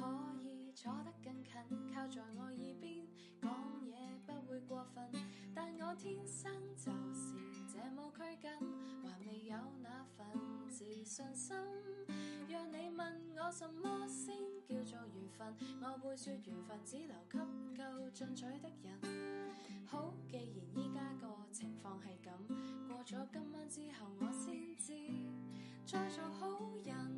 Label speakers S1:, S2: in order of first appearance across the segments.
S1: 可以坐得更近，靠在我耳邊講嘢，不會過分，但我天生就是這麼拘謹，還未有那份自信心。若你問我什麼先叫做緣分，我會說緣分只留給夠進取的人。好，既然依家個情況係咁，過咗今晚之後我先知，再做好人。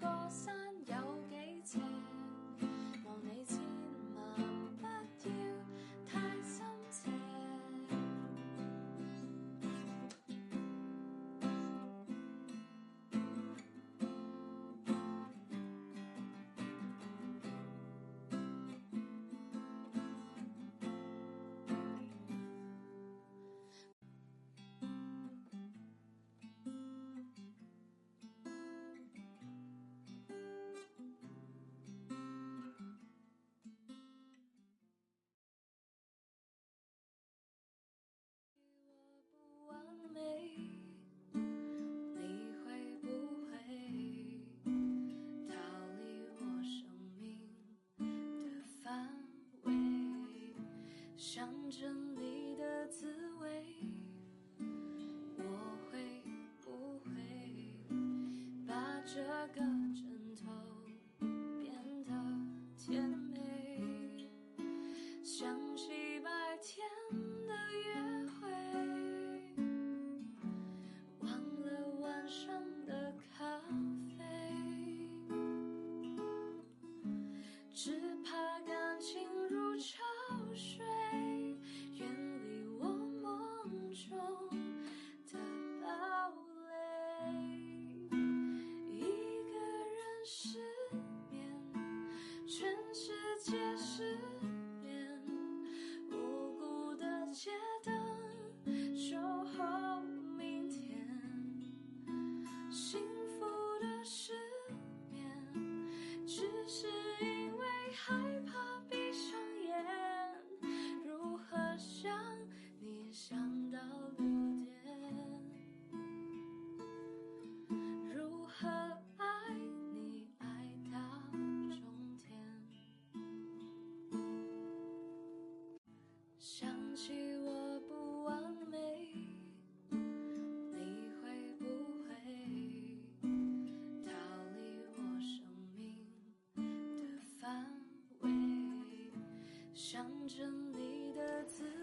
S1: 這個。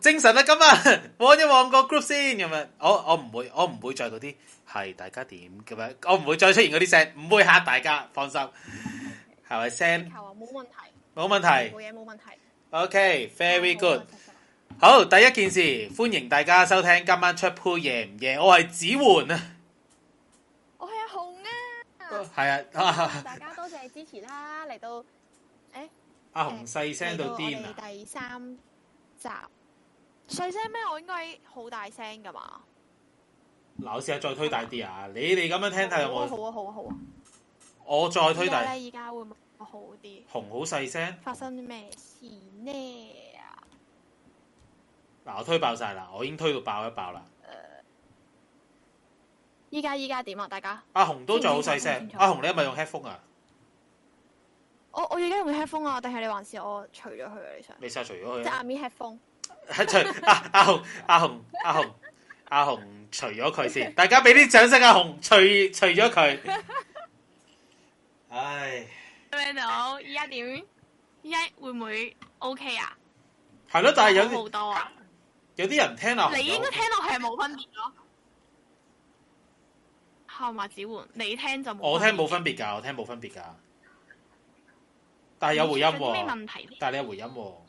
S2: 精神啦，今日望一望個 group 先，咁啊，我我唔會，我唔會再嗰啲係大家點咁樣，我唔會再出現嗰啲聲，唔會吓大家，放心，係咪聲？冇問題，冇問題，冇嘢冇問題。OK，very good。好，第一件事，歡迎大家收聽今晚出 Pool 夜唔夜，我係子桓啊，
S3: 我係阿紅啊，係啊，大家多謝支持啦，嚟到，
S2: 誒，阿紅細聲到癲啊，
S3: 第三集。細聲咩？我應該好大聲噶嘛？
S2: 嗱，我試下再推大啲啊！你哋咁樣聽睇我。好啊好啊好啊！我再推大。依
S3: 家會唔會好啲？
S2: 紅好細聲。
S3: 發生啲咩事呢？啊！
S2: 嗱，我推爆晒啦！我已經推到爆一爆啦。
S3: 誒、呃，依家依家點啊？大家？
S2: 阿、啊、紅都再好細聲。阿紅，啊、紅你係咪用 headphone 啊？
S3: 我我而家用 headphone 啊，定係你還是我除咗佢啊？你想？
S2: 你晒除咗佢，啊。即係阿
S3: 咪 headphone。.
S2: 阿阿紅、阿紅、阿紅、阿紅，阿阿除咗佢先，大家俾啲掌聲阿紅，除除咗佢。 唉，阿 May 依家
S3: 點？依家會唔會 OK
S2: 啊？係咯，但係有好多，有啲人聽落，你應該聽
S3: 落係冇分別咯。哈，馬子桓，你聽就我聽冇
S2: 分別噶，我聽冇分別噶，但係有回音咩問題，但係你有回音。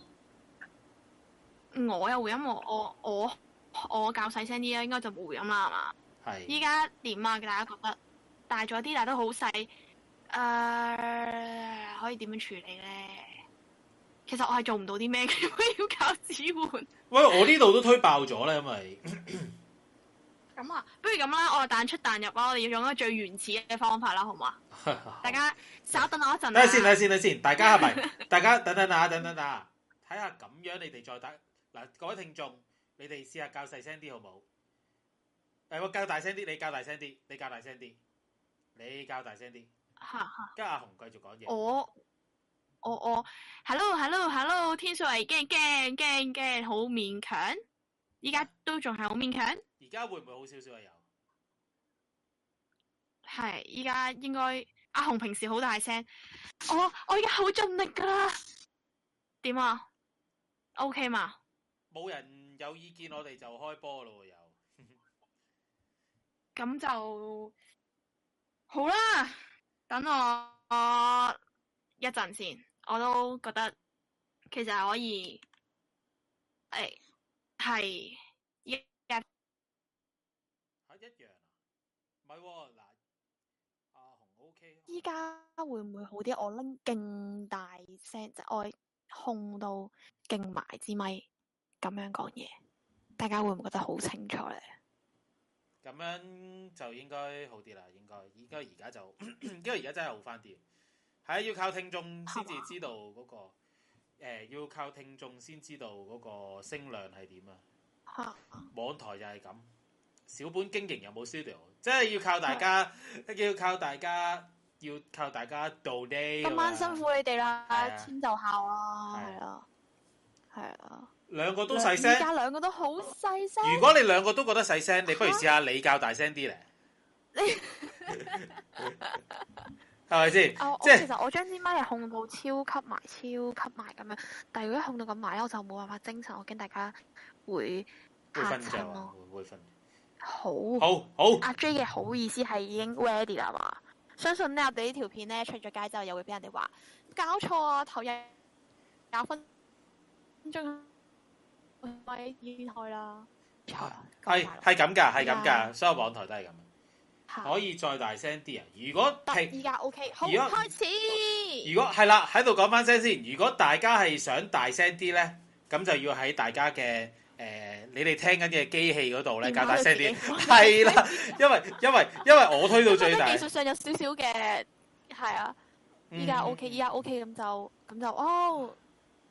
S3: 我又回音我我我我較細聲啲啦，應該就冇回音啦，係嘛？係。依家點啊？大家覺得大咗啲，但都好細。誒、呃，可以點樣處理咧？其實我係做唔到啲咩嘅， 要搞指換。
S2: 喂，我呢度都推爆咗咧，因為
S3: 咁 啊，不如咁啦，我彈出彈入啦，我哋要用一個最原始嘅方法啦，好唔
S2: 好 大
S3: 家稍等我一陣。等下先，等下
S2: 先，等下先，大家係咪？ 大家等等啊，等等啊，睇下咁樣你哋再打。等等等等看看各位聽眾，你哋試下教細聲啲好冇？誒、欸， 我教大聲啲，你教大聲啲，你教大聲啲，你教大聲啲。
S3: 吓
S2: 吓，跟住阿紅繼續講嘢。我
S3: 我我，hello hello hello，天水圍驚驚驚驚，好勉強，依家都仲係好勉強。
S2: 而家會唔會好少少啊？有
S3: 係，依家應該阿紅平時好大聲。我我而家好盡力噶啦。點啊？OK 嘛？
S2: 冇人有意見，我哋就開波咯！又
S3: 咁 就好啦。等我，我一陣先，我都覺得其實可以。誒、哎，係一日
S2: 一樣啊，唔係嗱，阿、哦啊、紅 OK。依家
S3: 會唔會好啲？我拎勁大聲，即、就、係、是、我控到勁埋支咪。咁樣講嘢，大家會唔會覺得好清楚咧？
S2: 咁樣就應該好啲啦，應該，應該而家就， 因為而家真係好翻啲，係要靠聽眾先至知道嗰個，誒，要靠聽眾先知道嗰、那個呃、個聲量係點啊！網台就係咁，小本經營又冇 studio，即係要靠大家，要靠大家，要靠大家 donate。今晚辛
S3: 苦你哋啦，千就孝啊，係啊，
S2: 係啊。兩個都細聲，而家
S3: 兩個都好細聲。如果你
S2: 兩個都覺得細聲，啊，你不如試下你較大聲啲咧，係咪先？即係，其實
S3: 我將啲咪又控到超級埋，超級埋咁樣，但係如果控到咁埋咧，我就冇辦法精神，我驚大家會吓親咯，
S2: 會瞓。好，好，好。阿
S3: J 嘅好意思係已經 ready 啦嘛？相信呢，我哋呢條片咧出咗街之後，又會俾人哋話搞錯啊！頭一搞分
S2: 喂，已經開啦，係係咁噶，係咁噶，所有網台都係咁。可以再大聲啲啊！如果
S3: 係依家 OK，好開始。如
S2: 果係啦，喺度講翻聲先。如果大家係想大聲啲咧，咁就要喺大家嘅、呃、你哋聽緊嘅機器嗰度咧，加大聲啲。係啦，因為因為因為我推到最大。技術
S3: 上有少少嘅，係、嗯、啊。依家 OK，依家 OK，咁就咁就，哦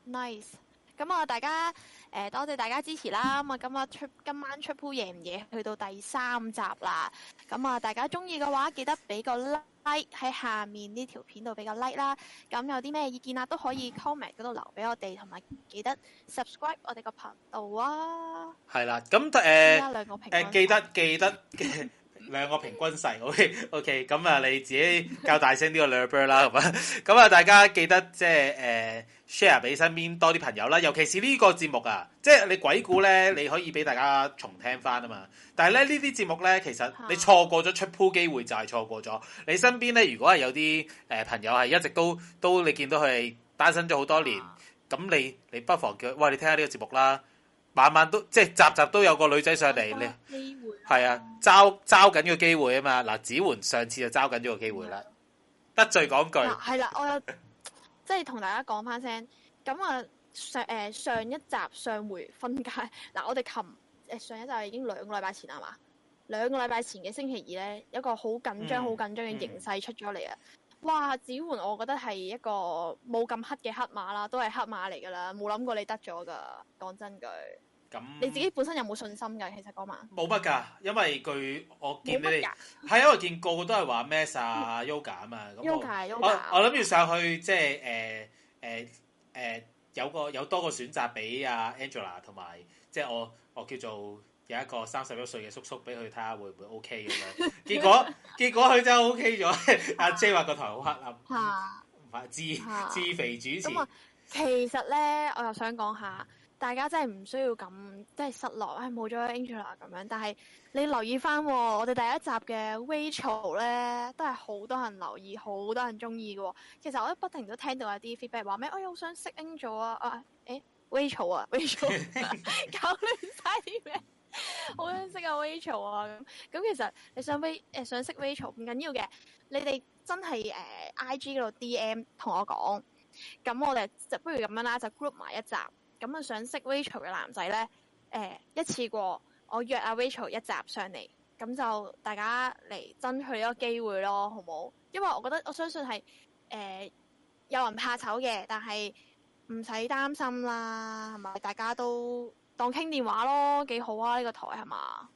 S3: ，nice。咁啊，大家誒、呃、多謝大家支持啦！咁啊，出今晚出 Pool 夜唔夜，去到第三集啦。咁啊，大家中意嘅話，記得俾個 like 喺下面呢條片度畀個 like 啦。咁有啲咩意見啊，都可以 comment 嗰度留俾我哋，同埋記得 subscribe 我哋個頻道啊。
S2: 係啦，咁誒誒，記得記得嘅。 兩個平均細，OK，OK，okay, okay，咁啊你自己較大聲啲個兩 u b e 啦，咁 啊大家記得即係 share 俾身邊多啲朋友啦，尤其是呢個節目啊，即係你鬼故咧，你可以俾大家重聽翻啊嘛。但係咧呢啲節目咧，其實你錯過咗出 Pool 機會就係錯過咗。你身邊咧如果係有啲、呃、朋友係一直都都你見到佢單身咗好多年，咁你你不妨叫佢喂你聽下呢個節目啦。慢慢都即係集集都有個女仔上嚟，呢係啊，揸、啊、緊緊嘅機會啊嘛嗱，子煥上次就揸緊咗個機會啦，嗯，得罪講句。係、
S3: 啊、啦，我又即係同大家講翻聲，咁啊上誒、呃、上一集上回分界嗱，啊，我哋琴誒上一集已經兩個禮拜前係嘛，兩個禮拜前嘅星期二咧，有一個好緊張好緊張嘅形勢出咗嚟啊！嗯哇！子桓，我覺得係一個冇咁黑嘅黑馬啦，都係黑馬嚟噶啦，冇諗過你得咗噶。講真句，
S2: 你自己
S3: 本身有冇信心嘅？其實哥曼冇乜
S2: 噶，因為佢我見你係啊，我見個個都係話 mass 啊、yoga 啊嘛。yoga
S3: yoga
S2: 我諗住上去即係誒誒誒有個有多個選擇俾阿 Angela 同埋即係我我叫做。有一個三十一歲嘅叔叔俾佢睇下會唔會 OK 咁樣結 結，結果結果佢真係 OK 咗。阿 J 話個頭好黑笠，知、啊，知、啊啊、肥主持咁啊，
S3: 其實咧我又想講下，大家真係唔需要咁即係失落，係冇咗 Angel 啊咁樣。但係你留意翻，我哋第一集嘅 Rachel 咧都係好多人留意，好多人中意嘅。其實我都不停都聽到有啲 feedback 話咩，我又好想識 Angel 啊，啊誒、欸、Rachel 啊，Rachel 搞亂晒！咩？ 好 想識阿 Rachel 啊！咁咁其實你想 Be 誒想識 Rachel 唔緊要嘅，你哋真係誒 I G 嗰度 D M 同我講，咁我哋就不如咁樣啦，就 group 埋一集。咁啊想識 Rachel 嘅男仔咧，誒、呃、一次過我約阿 Rachel 一集上嚟，咁就大家嚟爭取呢個機會咯，好唔好？因為我覺得我相信係誒、呃、有人怕醜嘅，但係唔使擔心啦，係嘛？大家都。當傾電話咯，幾好啊！呢、這個台係嘛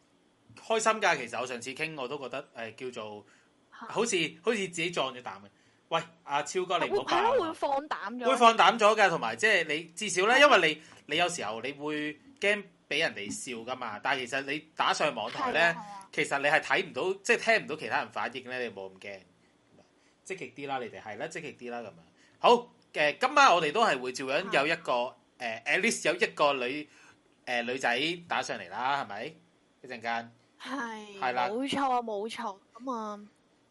S2: 開心噶。其實我上次傾我都覺得誒、呃，叫做好似好似自己撞咗膽嘅。喂，阿、啊、超哥嚟冇？會會放膽
S3: 咗，會放
S2: 膽咗嘅。同埋即係你至少咧，因為你你有時候你會驚俾人哋笑噶嘛。但係其實你打上網台咧，其實你係睇唔到，即、就、係、是、聽唔到其他人反應咧，你冇咁驚積極啲啦。你哋係啦，積極啲啦。咁樣好誒、呃，今晚我哋都係會照樣有一個誒，at least 有一個女。誒、呃，女仔打上嚟啦，係咪？一陣間
S3: 係，係啦，
S2: 冇錯啊，冇錯。
S3: 咁啊，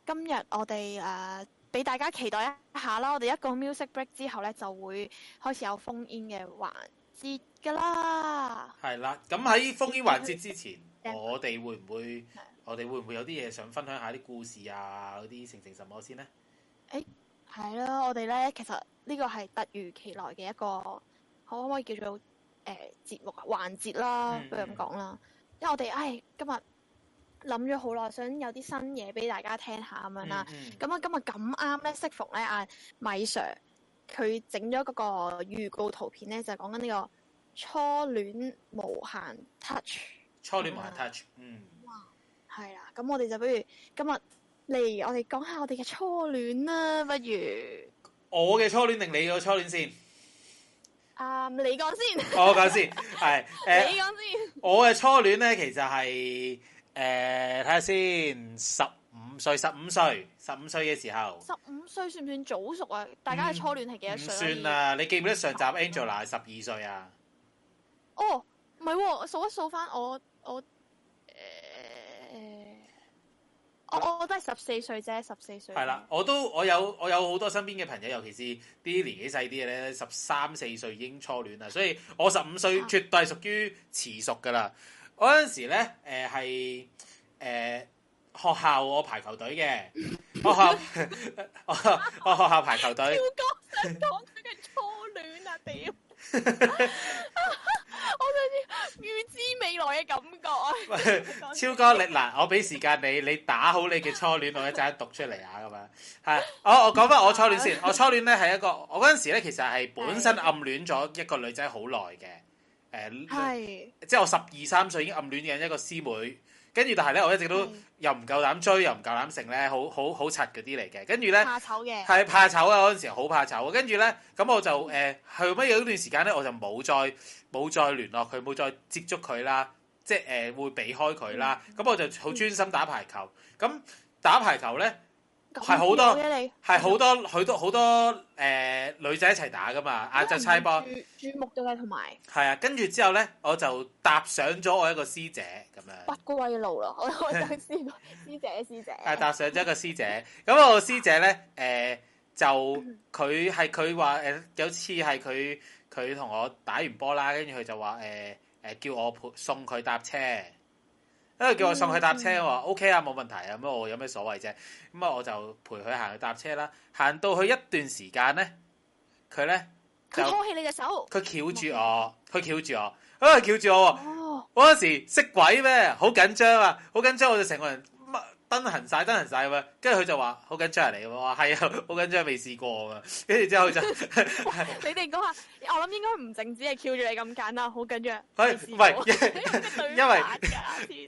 S3: 今日我哋誒俾大家期待一下啦，我哋一個 music break 之後咧，就會開始有 phone in 嘅環節噶啦。
S2: 係啦，咁喺 phone in 環節之前，嗯、我哋會唔會？我哋會唔會有啲嘢想分享下啲故事啊？嗰啲成成什麼先、啊、
S3: 呢？誒，係啦，我哋咧其實呢個係突如其來嘅一個，可唔可以叫做？誒，節目環節啦，嗯，不如咁講啦。因為我哋唉、哎，今日諗咗好耐，想有啲新嘢俾大家聽下咁、嗯、樣啦。咁、嗯、啊今日咁啱咧，適逢咧阿米 sir 佢整咗嗰個預告圖片咧，就講緊呢個初戀無限 touch。
S2: 初戀無限 touch，嗯，
S3: 哇，係啦。咁、嗯、我哋就不如今日嚟我哋講下我哋嘅初戀啦，不如？
S2: 我嘅初戀定你嘅初戀先？
S3: 你講先，我講先，
S2: 係誒，你講先， 我先講，呃、
S3: 講先
S2: 我嘅初戀咧，其實係誒，睇、呃、下先，十五歲，十五歲，十五歲嘅時候，
S3: 十五歲算唔算早熟啊？大家嘅初戀係幾多歲、嗯？唔算啊！
S2: 你記唔記得上集 Angela 係十二歲啊？
S3: 哦，唔係、啊，數一數翻我我。我我我都係十四歲啫，十四歲。係啦，
S2: 我都我有我有好多身邊嘅朋友，尤其是啲年紀細啲嘅咧，十三四歲已經初戀啦。所以，我十五歲絕對係屬於遲熟噶啦。嗰陣時咧，誒係誒學校我排球隊嘅學校， 我學校排球隊。跳高想講佢嘅初戀啊？屌
S3: 我想要預知未來嘅感
S2: 覺啊！ 超哥高力，你 嗱，我俾時間你，你打好你嘅初戀， 哦，我一陣讀出嚟啊。咁嘛？係我我講翻我初戀先， 我初戀咧係一個我嗰陣時咧，其實係本身暗戀咗一個女仔好耐嘅，誒，係、呃，即係我十二三歲已經暗戀嘅一個師妹，跟住但係咧，我一直都又唔夠膽追，又唔夠膽成咧，好好好柒嗰啲嚟嘅，跟住咧，
S3: 怕醜嘅，
S2: 係怕醜啊！嗰陣時好怕醜，跟住咧，咁我就誒，係乜嘢有段時間咧，我就冇再。冇再聯絡佢，冇再接觸佢啦，即係誒、呃、會避開佢啦。咁、嗯、我就好專心打排球。咁、嗯、打排球咧係好多係係好多好、嗯、多好多誒、呃、女仔一齊打噶嘛？啊就猜波
S3: 注目都啦，同埋
S2: 係啊。跟住之後咧，我就搭上咗我一個師姐咁
S3: 樣不歸路咯。我我想師師姐師姐，
S2: 搭、 啊、上咗一個師姐。咁我個師姐咧，誒、呃、就佢係佢話誒有次係佢。佢同我打完波啦，跟住佢就話誒誒叫我陪送佢搭車，因、啊、為叫我送佢搭車，我話 O K 啊，冇問題啊，咁我有咩所謂啫？咁、嗯、啊，我就陪佢行去搭車啦。行到去一段時間咧，佢咧，佢拖
S3: 起你嘅手，佢
S2: 翹住我，佢翹住我，佢又翹住我。嗰陣時識鬼咩？好緊張啊！好緊張，我就成個人，分行晒，登行晒。咁跟住佢就話好緊張嚟喎，話係啊，好緊張，未試過㗎，跟住之後就 你
S3: 哋講下，我諗應該唔淨止係翹住你咁簡啦，好緊張。
S2: 唔喂， 因為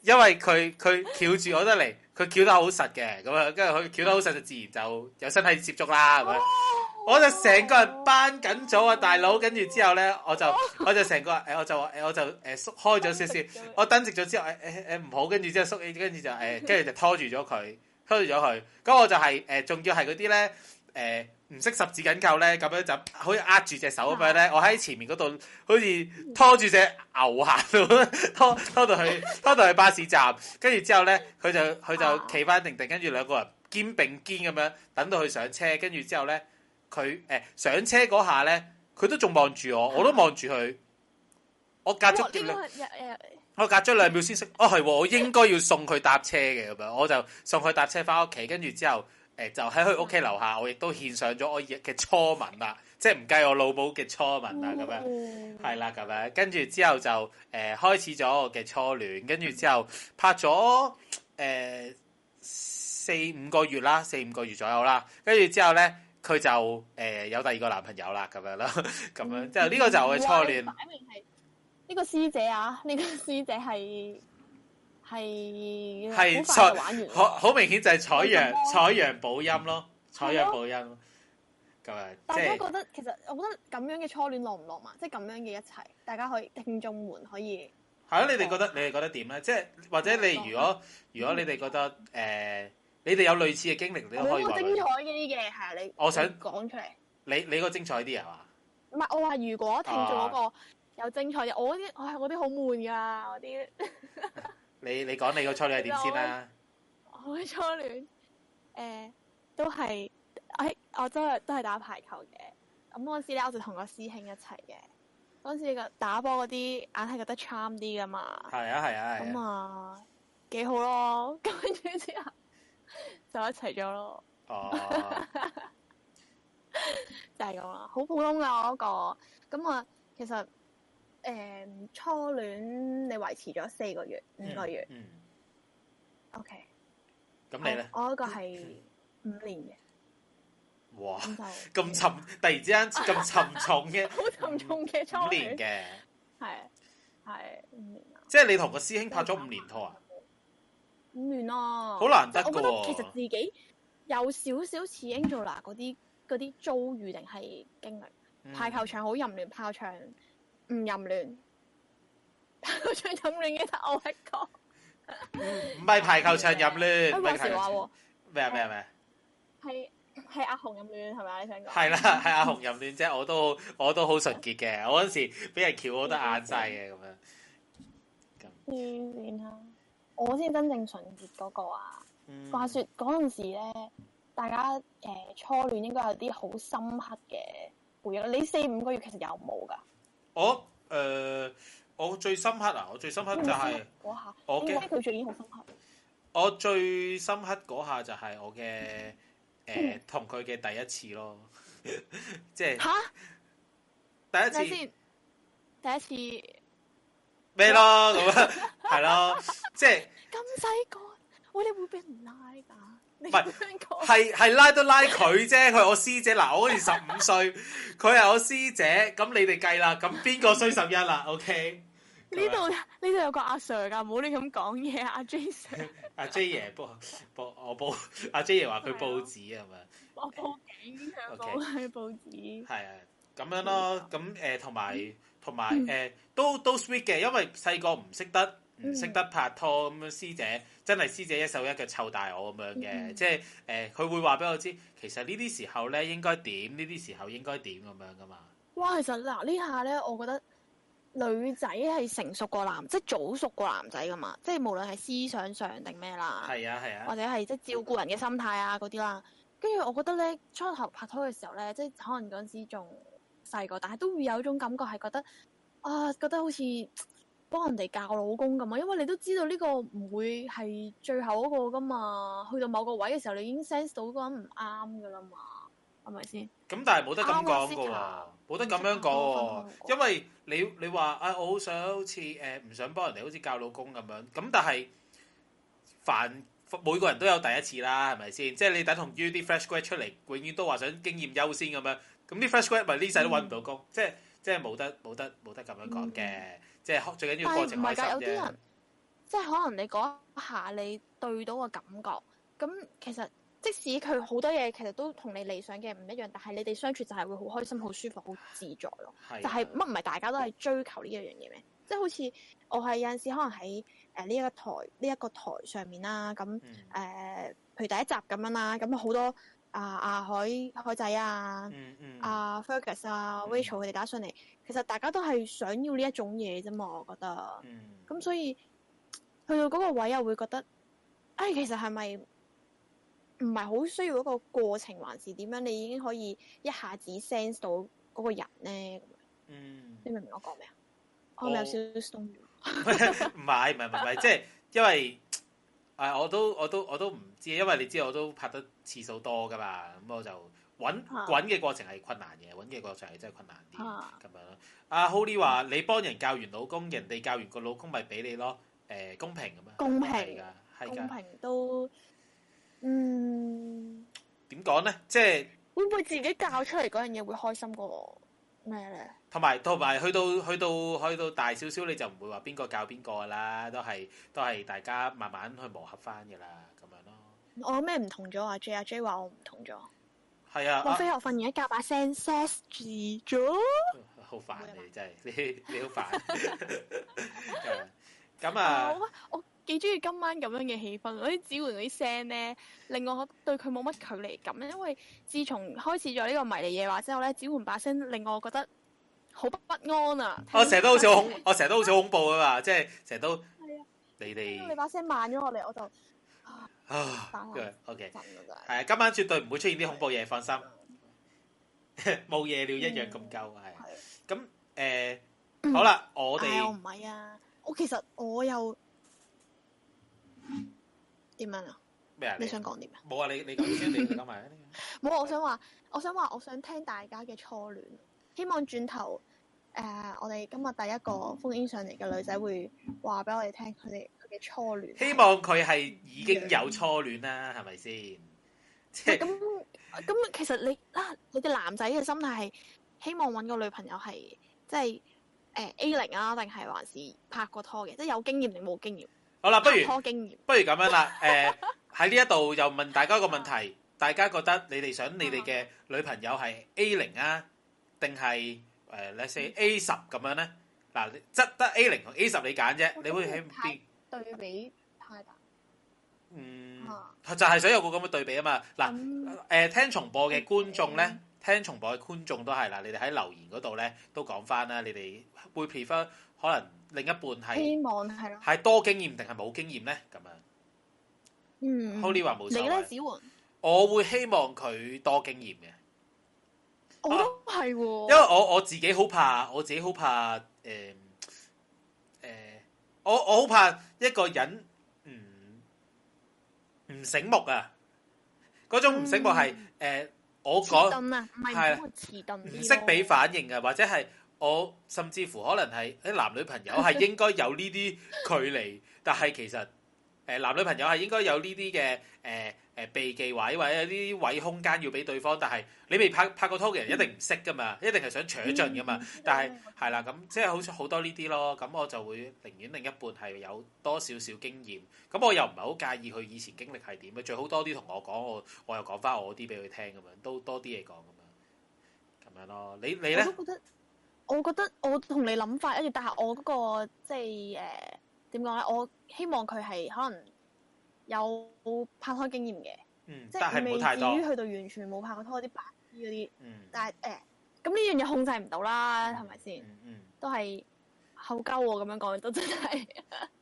S2: 因為佢佢翹住我得嚟，佢翹得好實嘅，咁跟住佢翹得好實，就自然就有身體接觸啦， 我就成個人扳緊咗啊大佬，跟住之後咧，我就我就成個誒，我就我就誒縮開咗少少。 我登直咗之後誒誒唔好，跟住之後縮起，跟住就誒，跟、哎、住就拖住咗佢，拖住咗佢。咁我就係仲要係嗰啲咧誒，唔、呃、識、呃、十指緊扣咧，咁樣就好似握住隻手咁樣咧。 我喺前面嗰度好似拖住隻牛下， 拖拖到去拖到去巴士站，跟住之後咧，佢就佢就企翻定定，跟住兩個人肩並肩咁樣等到佢上車，跟住 之後咧。佢誒、呃、上車嗰下咧，佢都仲望住我，我都望住佢。我隔咗兩，我隔咗兩秒先識、嗯。哦，係、哦嗯、我應該要送佢搭車嘅咁樣，我就送佢搭車返屋企。跟住之後，誒、呃、就喺佢屋企樓下，我亦都獻上咗我嘅初吻啦，即係唔計我老母嘅初吻啦，咁、嗯、樣係啦，咁樣跟住之後就誒、呃、開始咗我嘅初戀。跟住之後拍咗誒四五個月啦，四五個月左右啦。跟住之後咧。佢就、呃、有第二個男朋友啦，咁樣啦，咁樣，即係呢個就係我嘅初戀。呢、
S3: 嗯這個師姐啊，呢、這個師姐係係好
S2: 好明顯就係採陽採、哦嗯、陽補陰咯，採、嗯、陽補陰咁啊、嗯
S3: 就是！大家覺得其實我覺得咁樣嘅初戀落唔浪漫？即係咁樣嘅一齊，大家可以聽眾們可以
S2: 係啊， 你哋覺得你哋覺得點咧？即、就、係、是、或者你如果如果你哋覺得誒？嗯呃你哋有類似嘅經歷，你可以講。好多精
S3: 彩啲嘅係你。我想講出
S2: 嚟。你你個精彩啲係
S3: 嘛？唔係我話如果聽住嗰、那個、哦、有精彩嘅，我啲我啲好悶㗎，我啲 。
S2: 你你講你個初戀係點先啦？
S3: 我嘅初戀，誒、呃、都係，誒我真係都係打排球嘅。咁嗰時咧，我就同個師兄一齊嘅。嗰時打波嗰啲硬係覺得 charm 啲㗎嘛。係啊係啊係咁啊幾好咯！跟住之後。就一齊咗咯、oh. 就是這樣，就係咁啦，好普通噶嗰個。咁啊，其實誒、嗯、初戀你維持咗四個月、五個月。
S2: 嗯。O、嗯、K。咁、
S3: okay. 你咧？我嗰個係五年嘅。
S2: 哇！咁沉，突然之間咁沉重嘅，好
S3: 沉重嘅初戀嘅。係係五年,係、
S2: 係、五年。即係你同個師兄拍咗五年拖啊？
S3: 亂咯、啊，好難得的、啊嗯、我覺得其實自己有少少似 Angela 嗰啲啲遭遇定係經歷。排球場好淫亂，炮場唔淫亂。炮場淫亂嘅得我一個。
S2: 唔係排球場淫亂，咩時話咩啊咩啊咩啊？
S3: 係係、啊、阿紅淫亂係咪啊？你想講？係啦
S2: 係阿紅淫亂啫，我都我都好純潔嘅。我嗰時俾人撬我得眼晒嘅咁
S3: 樣。我先真正純潔嗰個啊！嗯、話説嗰陣時咧，大家誒、呃、初戀應該有啲好深刻嘅回憶。你四五個月其實有冇噶？
S2: 我誒、呃，我最深刻啊！我最深刻就係、
S3: 是、嗰下，點解佢最已經好深刻？
S2: 我最深刻嗰下就係我嘅誒同佢嘅第一次咯，即係嚇第一次，第一
S3: 次。第一次
S2: 咩咯咁樣，係咯，即係咁細個，我哋會俾人拉噶，唔係係係拉都拉佢啫，佢 係我師姐，嗱我好似十五歲，佢係我師姐，咁你哋計啦，咁邊個衰十一啦？OK？呢度
S3: 呢度有個阿 Sir 噶，唔好亂咁講嘢，阿、JSir
S2: 阿 J Sir 阿 J 爺報我報，阿、啊、J 爺話佢報紙啊嘛，我報警報佢，okay. 報紙，係 啊，咁樣咯，咁誒同埋。呃同埋誒都都 sweet 嘅，因為細個唔識得唔識得拍拖咁樣，嗯、師姐真係師姐一手一腳湊大我咁樣嘅，嗯、即係誒佢會話俾我知，其實呢啲時候咧應該點，呢啲時候應該點咁樣噶嘛。
S3: 哇，其實嗱、啊、呢下咧，我覺得女仔係成熟過男，即係早熟過男仔噶嘛，即係無論係思想上定咩啦，
S2: 係啊係啊，是啊或者
S3: 係即係照顧人嘅心態啊嗰啲啦。跟住我覺得咧，初頭拍拖嘅時候咧，即係可能嗰陣時仲～細個，但係都會有一種感覺係覺得啊，覺得好似幫人哋教老公咁啊，因為你都知道呢個唔會係最後嗰個噶嘛，去到某個位嘅時候，你已經 sense 到嗰個人唔啱噶啦嘛，係咪先？
S2: 咁但係冇得咁講噶嘛，冇得咁樣講，因為你你話啊，我好想、呃、唔想好似誒唔想幫人哋好似教老公咁樣，咁但係凡每個人都有第一次啦，係咪先？即係你等同於啲 fresh grade 出嚟，永遠都話想經驗優先咁樣。咁啲 fresh graduate 呢世都揾唔到工，即係即係冇得冇得冇得咁樣講嘅，即係、嗯、最緊要過程開心啫。但係唔係㗎，有啲人
S3: 即係可能你嗰下你對到個感覺，咁其實即使佢好多嘢其實都同你理想嘅唔一樣，但係你哋相處就係會好開心、好舒服、好自在咯。就係乜唔係大家都係追求呢一樣嘢咩？即係好似我係有陣時可能喺呢一個台呢一個台上面啦，咁誒、嗯呃、譬如第一集咁樣啦，咁好多。啊啊海海仔啊，阿、嗯嗯啊、Fergus 啊、嗯、Rachel 佢哋打上嚟、嗯，其實大家都係想要呢一種嘢啫嘛，我覺得。嗯。咁所以去到嗰個位又會覺得，哎，其實係咪唔係好需要嗰個過程，還是點樣？你已經可以一下子 sense 到嗰個人咧。嗯。你明唔明我講咩啊？我咪有，有少少鬆？唔
S2: 係唔係唔係，即係 因為。啊！我都我都我都唔知，因為你知我都拍得次數多噶嘛，咁我就揾揾嘅過程係困難嘅，揾、啊、嘅過程係真係困難啲咁、啊、樣咯。阿 Holly 話、嗯：你幫人教完老公，人哋教完個老公咪俾你咯。誒、欸，公平咁啊？公平㗎，係、啊、公平
S3: 都，
S2: 嗯，點講咧？即、就、係、是、
S3: 會唔會自己教出嚟嗰樣嘢會開心個？咩咧？
S2: 同埋同埋，去到去到去到大少少，你就唔會話邊個教邊個啦，都係都係大家慢慢去磨合翻嘅啦，咁樣
S3: 咯。我有咩唔同咗啊？J 啊 J 話我唔同咗。
S2: 係啊，我飛
S3: 學訓完一覺把聲 sense 住咗。
S2: 好煩你真係，你你好煩。咁啊。
S3: 幾中意今晚咁樣嘅氣氛，嗰啲子桓嗰啲聲咧，令我對佢冇乜距離感咧。因為自從開始咗呢個迷離夜話之後咧，子桓把聲令我覺得好不安啊！我成日都好似恐，
S2: 我成日都好似恐怖噶嘛，即係成日都你哋你
S3: 把聲慢咗我哋，我就啊，
S2: 翻嚟 OK，係啊，今晚絕對唔會出現啲恐怖嘢，放心，冇嘢料，一樣咁夠啊。咁誒，好啦，我哋我唔係啊，
S3: 我其實我又。點樣
S2: 啊？咩啊？你想講點啊？冇啊！你你講先
S3: 你講埋啊！冇， 我想話，我想話，我想聽大家嘅初戀。希望轉頭誒、呃，我哋今日第一個 phone in 上嚟嘅女仔會話俾我哋聽佢哋佢嘅初戀。希望
S2: 佢係已經有初戀啦，係咪先？咁
S3: 咁，即係、 其實你嗱、啊，你哋男仔嘅心態係希望揾個女朋友係即係誒 A 零啊，定係還是拍過拖嘅，即、就、係、是、有經驗定冇經驗？
S2: 好啦，不如不如咁樣啦，誒喺呢一度又問大家一個問題。 大家覺得你哋想你哋嘅女朋友係 A 零啊，定係誒，let’s say A 十咁樣咧？嗱、呃，只得 A 零同 A 十你揀啫， 你會喺邊對比太大？嗯， 就係想有個咁嘅對比啊嘛。嗱、呃，誒聽重播嘅觀眾咧，聽重播嘅觀眾 都係啦，你哋喺留言嗰度咧都講翻啦，你哋會 prefer 可能？另一半係希望
S3: 係咯，
S2: 係多經驗定係冇經驗咧？咁樣，嗯 h o l y w 冇我會希望佢多經驗嘅，
S3: 我都係、啊啊，因為
S2: 我我自己好怕，我自己好怕誒誒、欸欸，我我好怕一個人唔唔、嗯、醒目，不醒目、嗯、啊！嗰種唔醒目係誒，我講啊，
S3: 唔係咁
S2: 唔識俾反應嘅，或者係。我甚至乎可能係啲、欸、男女朋友係應該有呢啲距離， 但係其實誒、呃、男女朋友係應該有呢啲嘅誒誒避忌位，或者呢啲位空間要俾對方。但係你未拍拍過拖嘅人一定唔識噶嘛、嗯，一定係想撮進噶嘛。嗯、但係係啦，咁即係好好多呢啲咯。咁我就會寧願另一半係有多少少經驗，咁我又唔係好介意佢以前經歷係點嘅，最好多啲同我講。我我又講翻我啲俾佢聽咁樣，都多啲嘢講咁樣，咁樣咯。你你咧？
S3: 我覺得我同你諗法一樣，但係我嗰、嗰個即係誒點講咧？我希望佢係可能有拍拖經驗嘅，嗯，
S4: 即係未至於去
S3: 到完全冇拍過拖啲白痴嗰啲。但係誒，咁呢樣嘢控制唔到啦，係咪先？
S2: 嗯。
S3: 都係後溝喎，啊，咁樣講都真係。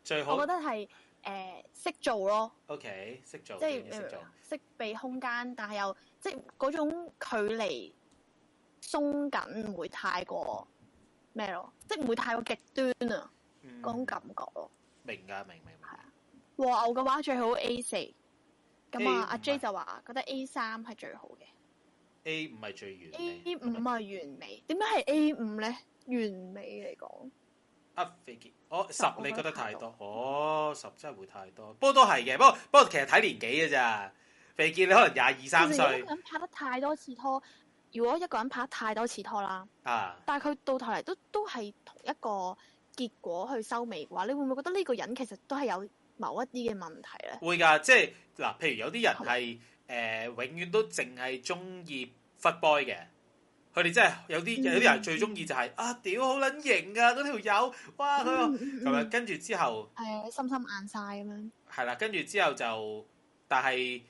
S2: 最好。我覺得
S3: 係誒識做咯。O、
S2: okay, K，識做。即係識做。
S3: 識俾空間，但係又即嗰種距離。鬆緊唔會太過咩咯，即係唔會太過極端啊，嗰、嗯、種
S2: 感覺咯。明噶、啊，明明係啊。
S3: 和牛嘅話最好 A 四咁啊，阿 J 就話啊，覺得 A 三係最好嘅。
S2: A 五係最完 A
S3: 五啊，完美。點解係 A 五咧？完美嚟講。
S2: 阿肥健，哦十你覺得太多？嗯、哦十真係會太多，不過都係嘅。不過不過其實睇年紀嘅咋。肥健你可能廿二三歲，咁
S3: 拍得太多次拖。如果一個人拍太多次拖啦、啊，但係佢到頭嚟都都係同一個結果去收尾嘅話，你會唔會覺得呢個人其實都係有某一啲嘅問題咧？
S2: 會㗎，即係嗱，譬如有啲人係誒、嗯呃、永遠都淨係中意 f boy 嘅，佢哋真係有啲有啲人最中意就係、是嗯、啊，屌好撚型啊，嗰條友哇，咁樣跟住之後係
S3: 心心硬晒咁樣，
S2: 係啦，跟住之後就但係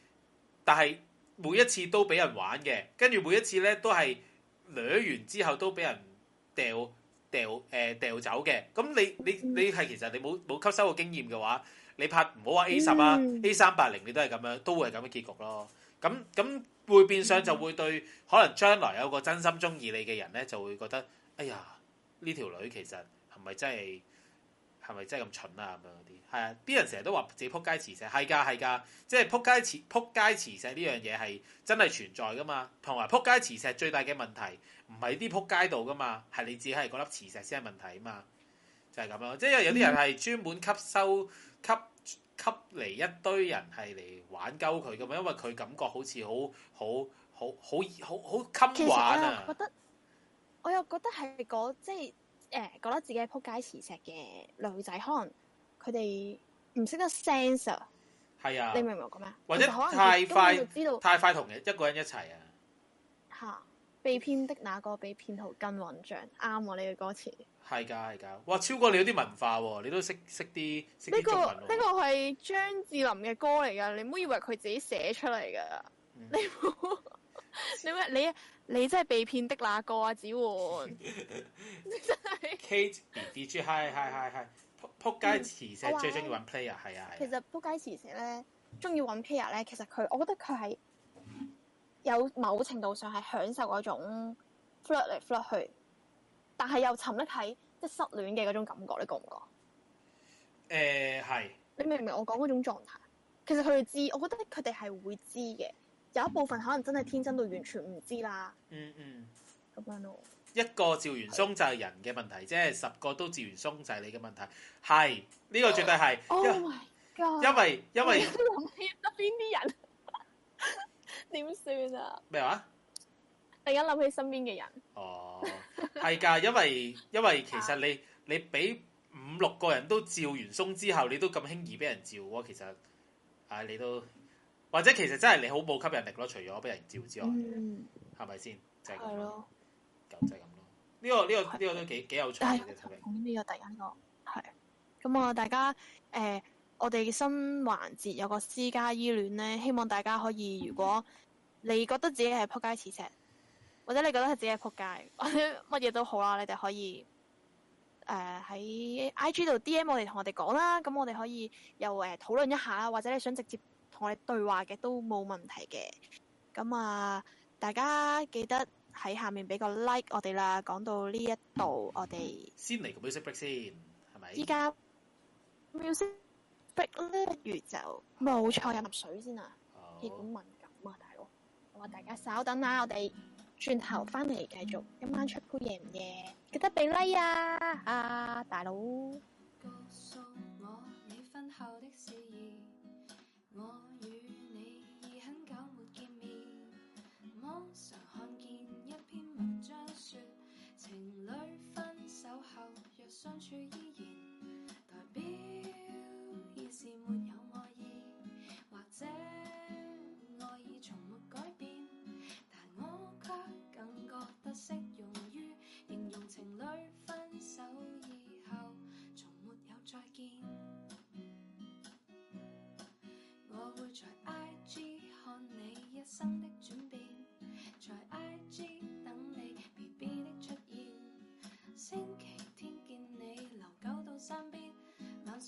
S2: 但係。每一次都俾人玩嘅，跟住每一次咧都係掠完之後都俾人掉掉誒掉走嘅。咁你你你係其實你冇冇吸收過經驗嘅話，你拍唔好話 A 十啊 A 三八零，嗯、A380，你都係咁樣都會係咁嘅結局咯。咁咁會變相就會對可能將來有個真心中意你嘅人咧，就會覺得哎呀呢條女其實係咪真係係咪真係咁蠢啊咁樣啲。係啊！啲人成日都話自己撲街磁石係㗎係㗎，即係撲街磁撲街磁石呢樣嘢係真係存在噶嘛？同埋撲街磁石最大嘅問題唔係啲撲街度噶嘛，係你自己係嗰粒磁石先係問題啊嘛，就係咁樣。即係有有啲人係專門吸收吸吸嚟一堆人係嚟玩鳩佢噶嘛，因為佢感覺好似好好好好好好襟玩啊我覺
S3: 得。我又覺得係嗰即係誒覺得自己係撲街磁石嘅女仔，可能。佢哋唔識得 sensor，
S2: 係啊，啊，你明唔明我講咩？或者太快，知道太快同一個人一齊啊！嚇、
S3: 啊，被騙的那個比騙徒更混帳，啱喎呢句歌詞。
S2: 係㗎，係㗎。哇，超哥你有啲文化喎、啊，你都識識啲識呢、呢個呢、啊呢個
S3: 係張智霖嘅歌嚟㗎，你唔好以為佢自己寫出嚟㗎、嗯。你你你你真係被騙的那個啊，子桓
S2: 真係。Kate B D J 係係係係。扑街辭謝最
S3: 中意揾 player 係啊！其實扑街辭謝咧，中意揾 player 咧，其實佢，我覺得佢係有某程度上係享受嗰種 flirt 嚟 flirt 去，但係又沉溺喺即係失戀嘅嗰種感覺，你覺唔覺？
S2: 誒、嗯、係。
S3: 你明唔明我講嗰種狀態？其實佢哋知，我覺得佢哋係會知嘅。有一部分可能真係天真到完全唔知啦。嗯嗯。
S2: 咁樣囉一個照完鬆就係人嘅問題，即係十個都照完鬆就係你嘅問題，係呢、呢個絕對係、oh。Oh my god！
S3: 因為因為突然諗起側邊啲人，點算啊？咩話？突然諗起、， 啊、起身邊嘅人。哦，
S2: 係噶， 因為因為其實你你俾五六個人都照完鬆之後，你都咁輕易俾人照，其實啊、哎，你都或者其實真係你好冇吸引力咯，除咗俾人照之外，係咪先？就係、是、咯。就咁、是、咯。呢、這個呢、這
S3: 個呢、這個都幾幾有趣嘅，講完呢個第一個，係咁啊！大家誒、呃，我哋新環節有個私家醫戀咧，希望大家可以，如果你覺得自己係撲街似赤，或者你覺得係自己撲街，或者乜嘢都好啦，你哋可以誒喺、呃、IG 度 DM 我哋，同我哋講啦。咁我哋可以又誒、呃、討論一下啦，或者你想直接同我哋對話嘅都冇問題嘅。咁啊、呃，大家記得。喺下面俾個 like 我哋啦，講到呢一
S2: 度我哋先嚟個 music break 先，
S3: 係咪？依家 music break 不如就冇錯，飲啖水先啊！血、oh. 管敏感啊，大佬，我話大家稍等下，啊，我哋轉頭翻嚟繼續。今晚出 Pool 夜唔夜，記得俾 like 啊，啊大佬。告訴我你
S1: 婚後的相處依然，代表亦是沒有愛意，或者愛意從沒改變，但我卻更覺得適用於形容情侶分手以後，從沒有再見。我會在 IG 看你一生的。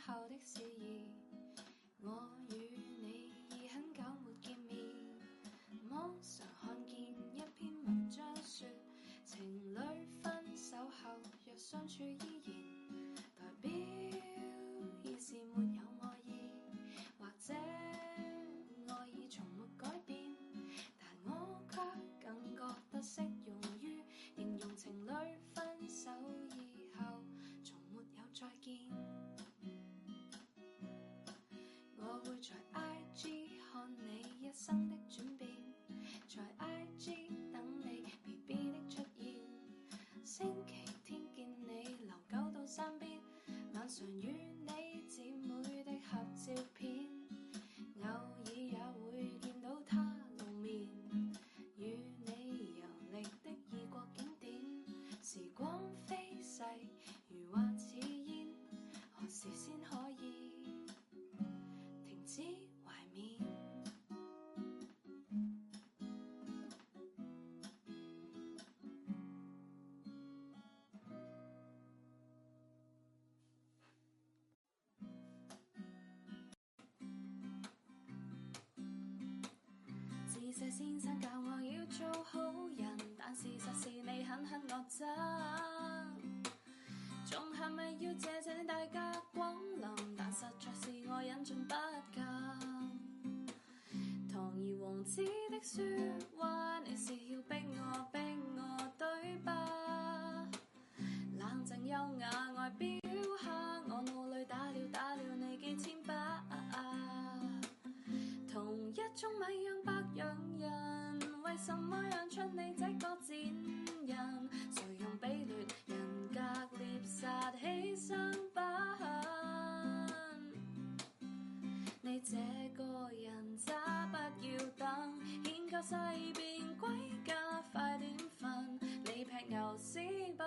S1: 後的事兒，我與你已很久沒見面。網上看見一篇文章說，情侶分手後若相處。會在 IG 看你一生的轉變，在 IG 等你 BB 的出現，星期天見你留狗到山邊，晚上與。說話，你是要逼我逼我對吧？冷靜優雅外表下，我腦裏打了打了你幾千巴。同一種米養百樣人，為什麼？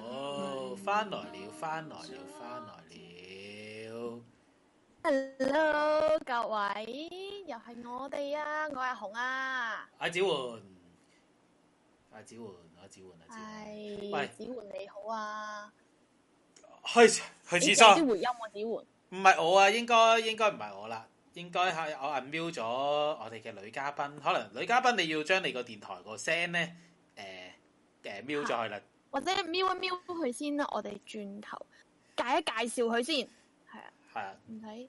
S1: 哦，翻、 哦、來了，翻來了，翻來了。
S3: Hello，各位又係我哋啊，我阿紅啊，
S2: 阿、啊、子桓，阿、啊、子桓，阿、啊、子桓，係、啊、子桓你好啊，去去廁所啲回音啊，子桓，唔係我啊，應該應該唔係我啦，應該係我暗瞄咗我哋嘅女嘉賓，可能女嘉賓你要將你個電台個聲咧，誒誒瞄咗去啦、
S3: 啊，或者瞄一瞄佢先啦，我哋轉頭介一介紹佢先，係啊，係啊，唔使。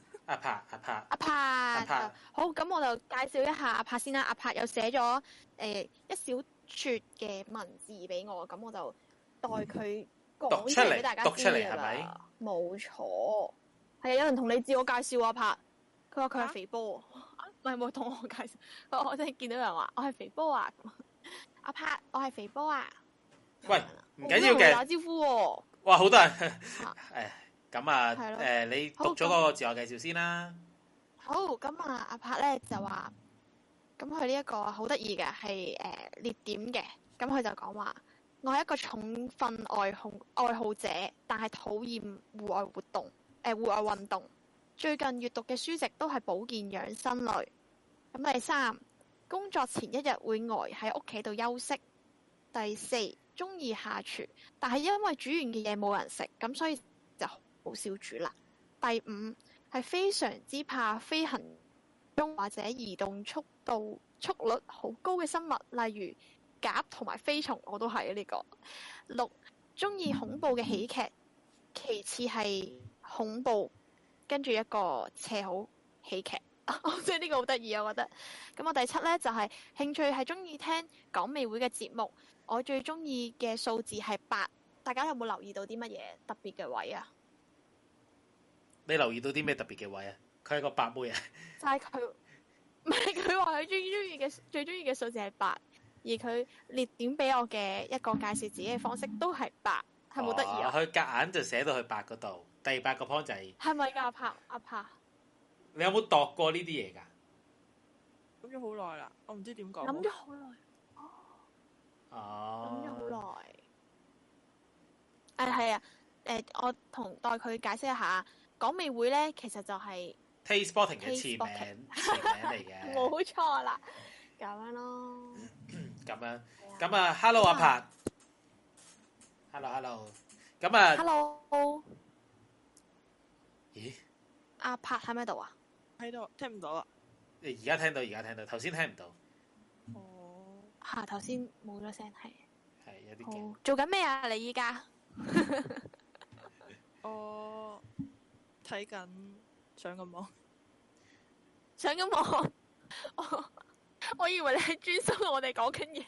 S3: 阿柏，阿柏，阿柏、啊，好，咁我就介紹一下阿柏先啦。阿柏又寫咗誒一小撮嘅文字俾我，咁我就代佢講嘢俾大家知係咪？冇錯，係啊，有人同你自我介紹啊，阿柏，佢話佢係肥波，唔係冇同我介紹，我真係見到人話我係肥波啊。阿、啊、柏，我係肥波啊。
S2: 喂，唔緊要嘅，打
S3: 招呼、啊。
S2: 哇，好多人，誒、啊。哎咁啊誒，你讀咗個自我介紹先啦。
S3: 好咁啊，阿柏咧就、呃、就話：咁佢呢一個好得意嘅係誒列點嘅。咁佢就講話我係一個重訓愛好愛好者，但係討厭戶外活動誒戶、呃、外運動。最近閱讀嘅書籍都係保健養生類。咁第三工作前一日會呆喺屋企度休息。第四中意下廚，但係因為煮完嘅嘢冇人食，咁所以。好少主啦。第五係非常之怕飛行中或者移動速度速率好高嘅生物，例如鴿同埋飛蟲。我都係呢個六中意恐怖嘅喜劇，其次係恐怖跟住一個邪好喜劇。即係呢個好得意，啊，我覺得咁。我第七呢，就係、是、興趣係中意聽港味會嘅節目。我最中意嘅數字係八，大家有冇留意到啲乜嘢特別嘅位啊？
S2: 你留意到啲咩特別嘅位啊？佢係個八妹啊，
S3: 就係佢唔係佢話佢最中意嘅、最中意嘅數字係八，而佢列點俾我嘅一個介紹自己嘅方式都係八，係冇得意啊。
S2: 佢、哦、夾硬就寫到去八嗰度，第八個 point 就
S3: 係係咪？阿拍阿拍，
S2: 你有冇度過呢啲嘢噶？
S3: 諗咗
S2: 好耐啦，我唔知
S3: 點講，諗咗好耐哦，哦，諗咗好耐誒，係啊誒，我同代佢解釋一下。港美會咧，其實就係、
S2: 是、Tasteporting 嘅簽
S3: 名名嚟嘅， 冇錯啦。咁樣
S2: 咯，咁 樣。咁啊、yeah. yeah.，Hello 阿 Pat, Hello Hello。咁啊，Hello, Hello.。
S3: 咦？阿 Pat 喺咩度啊？喺度，聽唔到
S2: 啊！誒，而家聽到，而家聽到，頭先聽唔到。哦、
S3: uh, 啊，吓，頭先冇咗聲係。係有啲驚。Oh, 做緊咩啊？你依家？
S5: 哦、 uh,。
S3: 睇緊上個網，上個網，我以為你係專心我哋講緊嘢，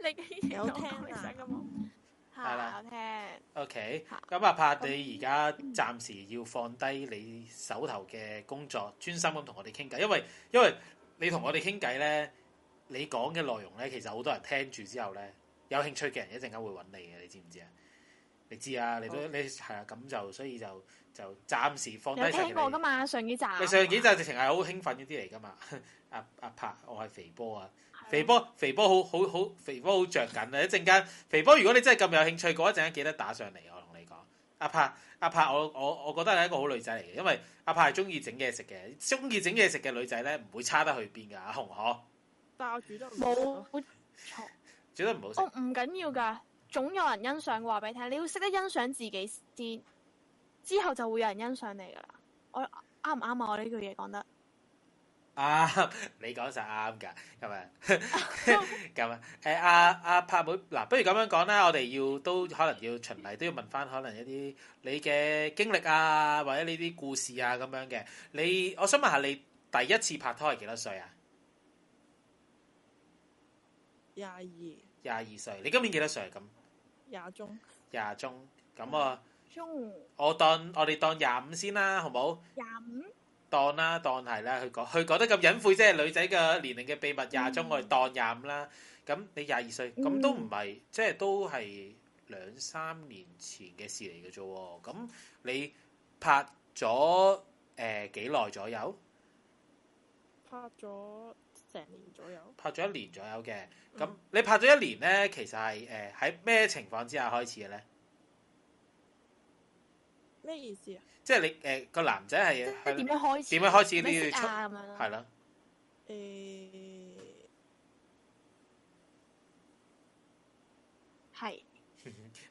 S3: 你，你，想聽你想好聽 啊，係啦，
S2: 好聽。OK，咁阿怕你而家暫時要放低你手頭嘅工作，專心咁同我哋傾偈。因為因為你同我哋傾偈咧，你講嘅內容咧，其實好多人聽住之後咧，有興趣嘅人一陣間會揾你嘅，你知唔知啊？你知啊，你，你都你係啊，咁就所以就就暫時放低成部
S3: 噶嘛，上幾集。你上幾集直情
S2: 係好興奮嗰啲嚟噶嘛？阿阿柏，我係肥波啊，啊肥波肥波好好好，肥波好着緊啊！一陣間，肥波如果你真係咁有興趣，嗰一陣間記得打上嚟，我同你講。阿柏阿柏，我我我覺得你係一個好女仔嚟嘅，因為阿柏係中意整嘢食嘅，中意整嘢食嘅女仔咧，唔會差得去邊噶。阿、啊、紅可？但
S3: 係我煮得唔好，煮得唔好食。我唔緊要㗎。總有人欣賞，話俾你聽。你要識得欣賞自己先，之後就會有人欣賞你噶啦。我啱唔啱啊？合合我呢句嘢講得。
S2: 啊，你講實啱噶，咁 啊，咁啊，誒、啊，阿阿柏妹，嗱、啊，不如咁樣講啦，我哋要都可能要循例都要問翻，可能一啲你嘅經歷啊，或者呢啲故事啊咁樣嘅。你，我想問下你第一次拍拖係幾多歲啊？廿
S5: 二。廿
S2: 二歲，你今年幾多歲咁、啊？廿中，廿中，咁
S5: 啊，中，
S2: 我當我哋當廿五先啦，好冇？
S5: 廿五，
S2: 當啦，當係啦，佢講，佢講得咁隱晦，即係女仔嘅年齡嘅秘密，廿中我哋當廿五啦。咁你廿二歲，咁都唔係，即係都係兩三年前嘅事嚟嘅啫。咁你拍咗誒幾耐左右？
S5: 拍咗。成年左右拍咗一年左
S2: 右嘅，咁你拍咗一年咧，其實係誒喺咩情況之下開始嘅咧？
S5: 咩意思啊？
S2: 即係你誒個、呃、男仔係點樣開始點樣開始？你出咁樣係啦、這個，誒係、啊，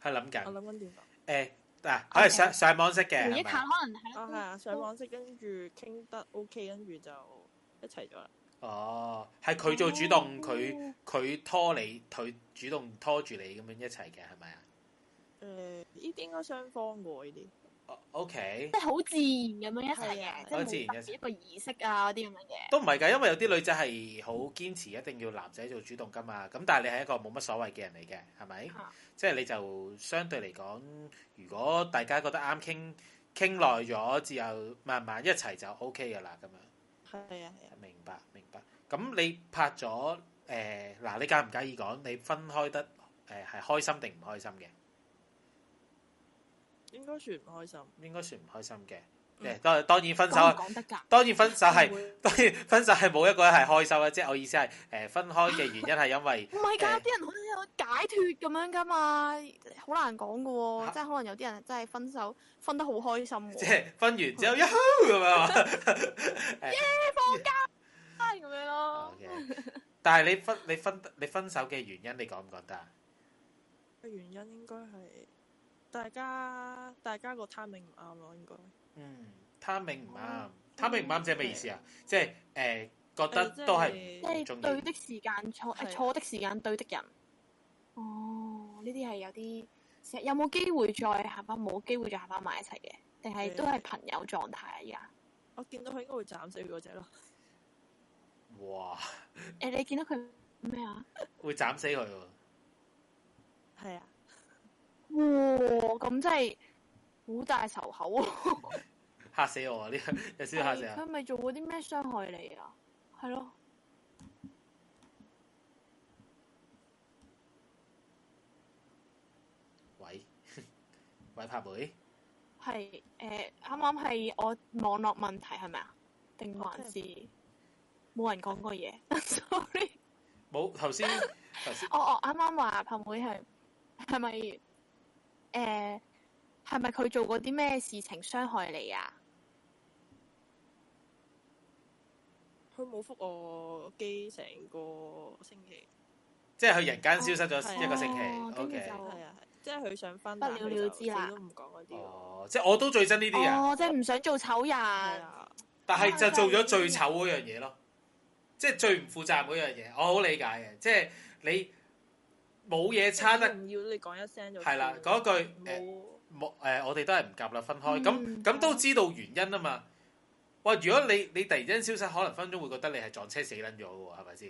S2: 係諗緊。我諗緊點啊？
S3: 誒嗱，係
S2: 上上網識嘅，一睇可能係啊，上網識、嗯哦、跟住
S5: 傾得 OK，跟住就一齊咗啦。
S2: 哦，係佢做主動，佢佢拖你，佢主動拖住你咁樣一齊嘅係咪啊？誒，呢
S3: 啲應該雙方會啲。
S2: O K，即係
S3: 好自然咁樣一
S5: 齊
S2: 嘅，好自然冇特
S3: 別一個儀式啊啲咁
S2: 樣嘅。都唔係㗎，因為有啲女仔係好堅持一定要男仔做主動㗎嘛。咁但係你係一個冇乜所謂嘅人嚟嘅，係咪？即係你就相對嚟講，如果大家覺得啱傾傾耐咗，了之後慢慢一齊就 O K 嘅啦，咁樣。係啊！明白。咁你拍咗誒嗱？你介唔介意講？你分開得誒係、呃、開心定唔開心嘅？應該算唔開心。應該算唔開心嘅。誒、嗯，當當然分手。講得㗎。當然分手係、啊、當然分手係冇、啊、一個人係開心嘅、即係呃 呃啊啊，即係我意思係誒分開嘅原因係因為
S3: 唔係㗎，啲人好似有解脫咁樣㗎嘛，好難講㗎喎。即係可能有啲人真係分手分得好開心。即係
S2: 分完之後一休咁樣。 呃、 耶！放假。 咁樣咯。Okay. 但係你分你分你分手嘅原因，你講唔講得
S5: 啊？ 原因應該係大家大家個 timing 唔啱咯，應該。
S2: 嗯，timing 唔啱，嗯，timing 唔啱即係咩意思啊？即係誒，覺得都係即係對的
S3: 時間錯，錯的時間對的人。是的哦，呢啲係有啲成有冇機會再行翻？冇機會再行翻埋一齊嘅，定係都係朋友狀態啊？而家
S5: 我見到佢應該會斬死佢嗰隻咯。
S2: 哇！
S3: 誒、欸，你見到佢咩啊？
S2: 會斬死佢喎。係
S3: 啊。哇！咁真係好大仇口
S2: 啊！ 嚇死我啊！你、這個、有少少嚇死我、啊。佢、係、
S3: 咪做過啲咩傷害你啊？係咯、啊。
S2: 喂喂，怕妹？
S3: 係誒，啱啱係我網絡問題係咪啊？定還是？Okay. 冇人講過嘢，sorry。
S2: 冇頭先，頭先、 哦。
S3: 哦哦，啱啱話炮妹係係咪？誒係咪佢做過啲咩事情傷害你啊？
S5: 佢冇覆我機成個星
S2: 期。即係佢人間消失咗一個星期。O、哦、K。係啊係，
S3: 即係佢想分。不了了之啦。都唔講嗰
S2: 啲。哦，即係我都最憎呢啲人。
S3: 哦，即係唔想做醜人。係，
S2: 但係就做咗最醜嗰樣嘢咯。即係最唔負責任嗰樣嘢，我好理解嘅。即係你冇嘢差得，
S5: 唔要你講一聲就係啦，講一句
S2: 冇冇、欸欸、我哋都係唔夾啦，分開。咁、嗯、咁都知道原因啊嘛。喂，如果你你突然間消失，可能分分鐘會覺得你係撞車死撚咗喎，係咪先？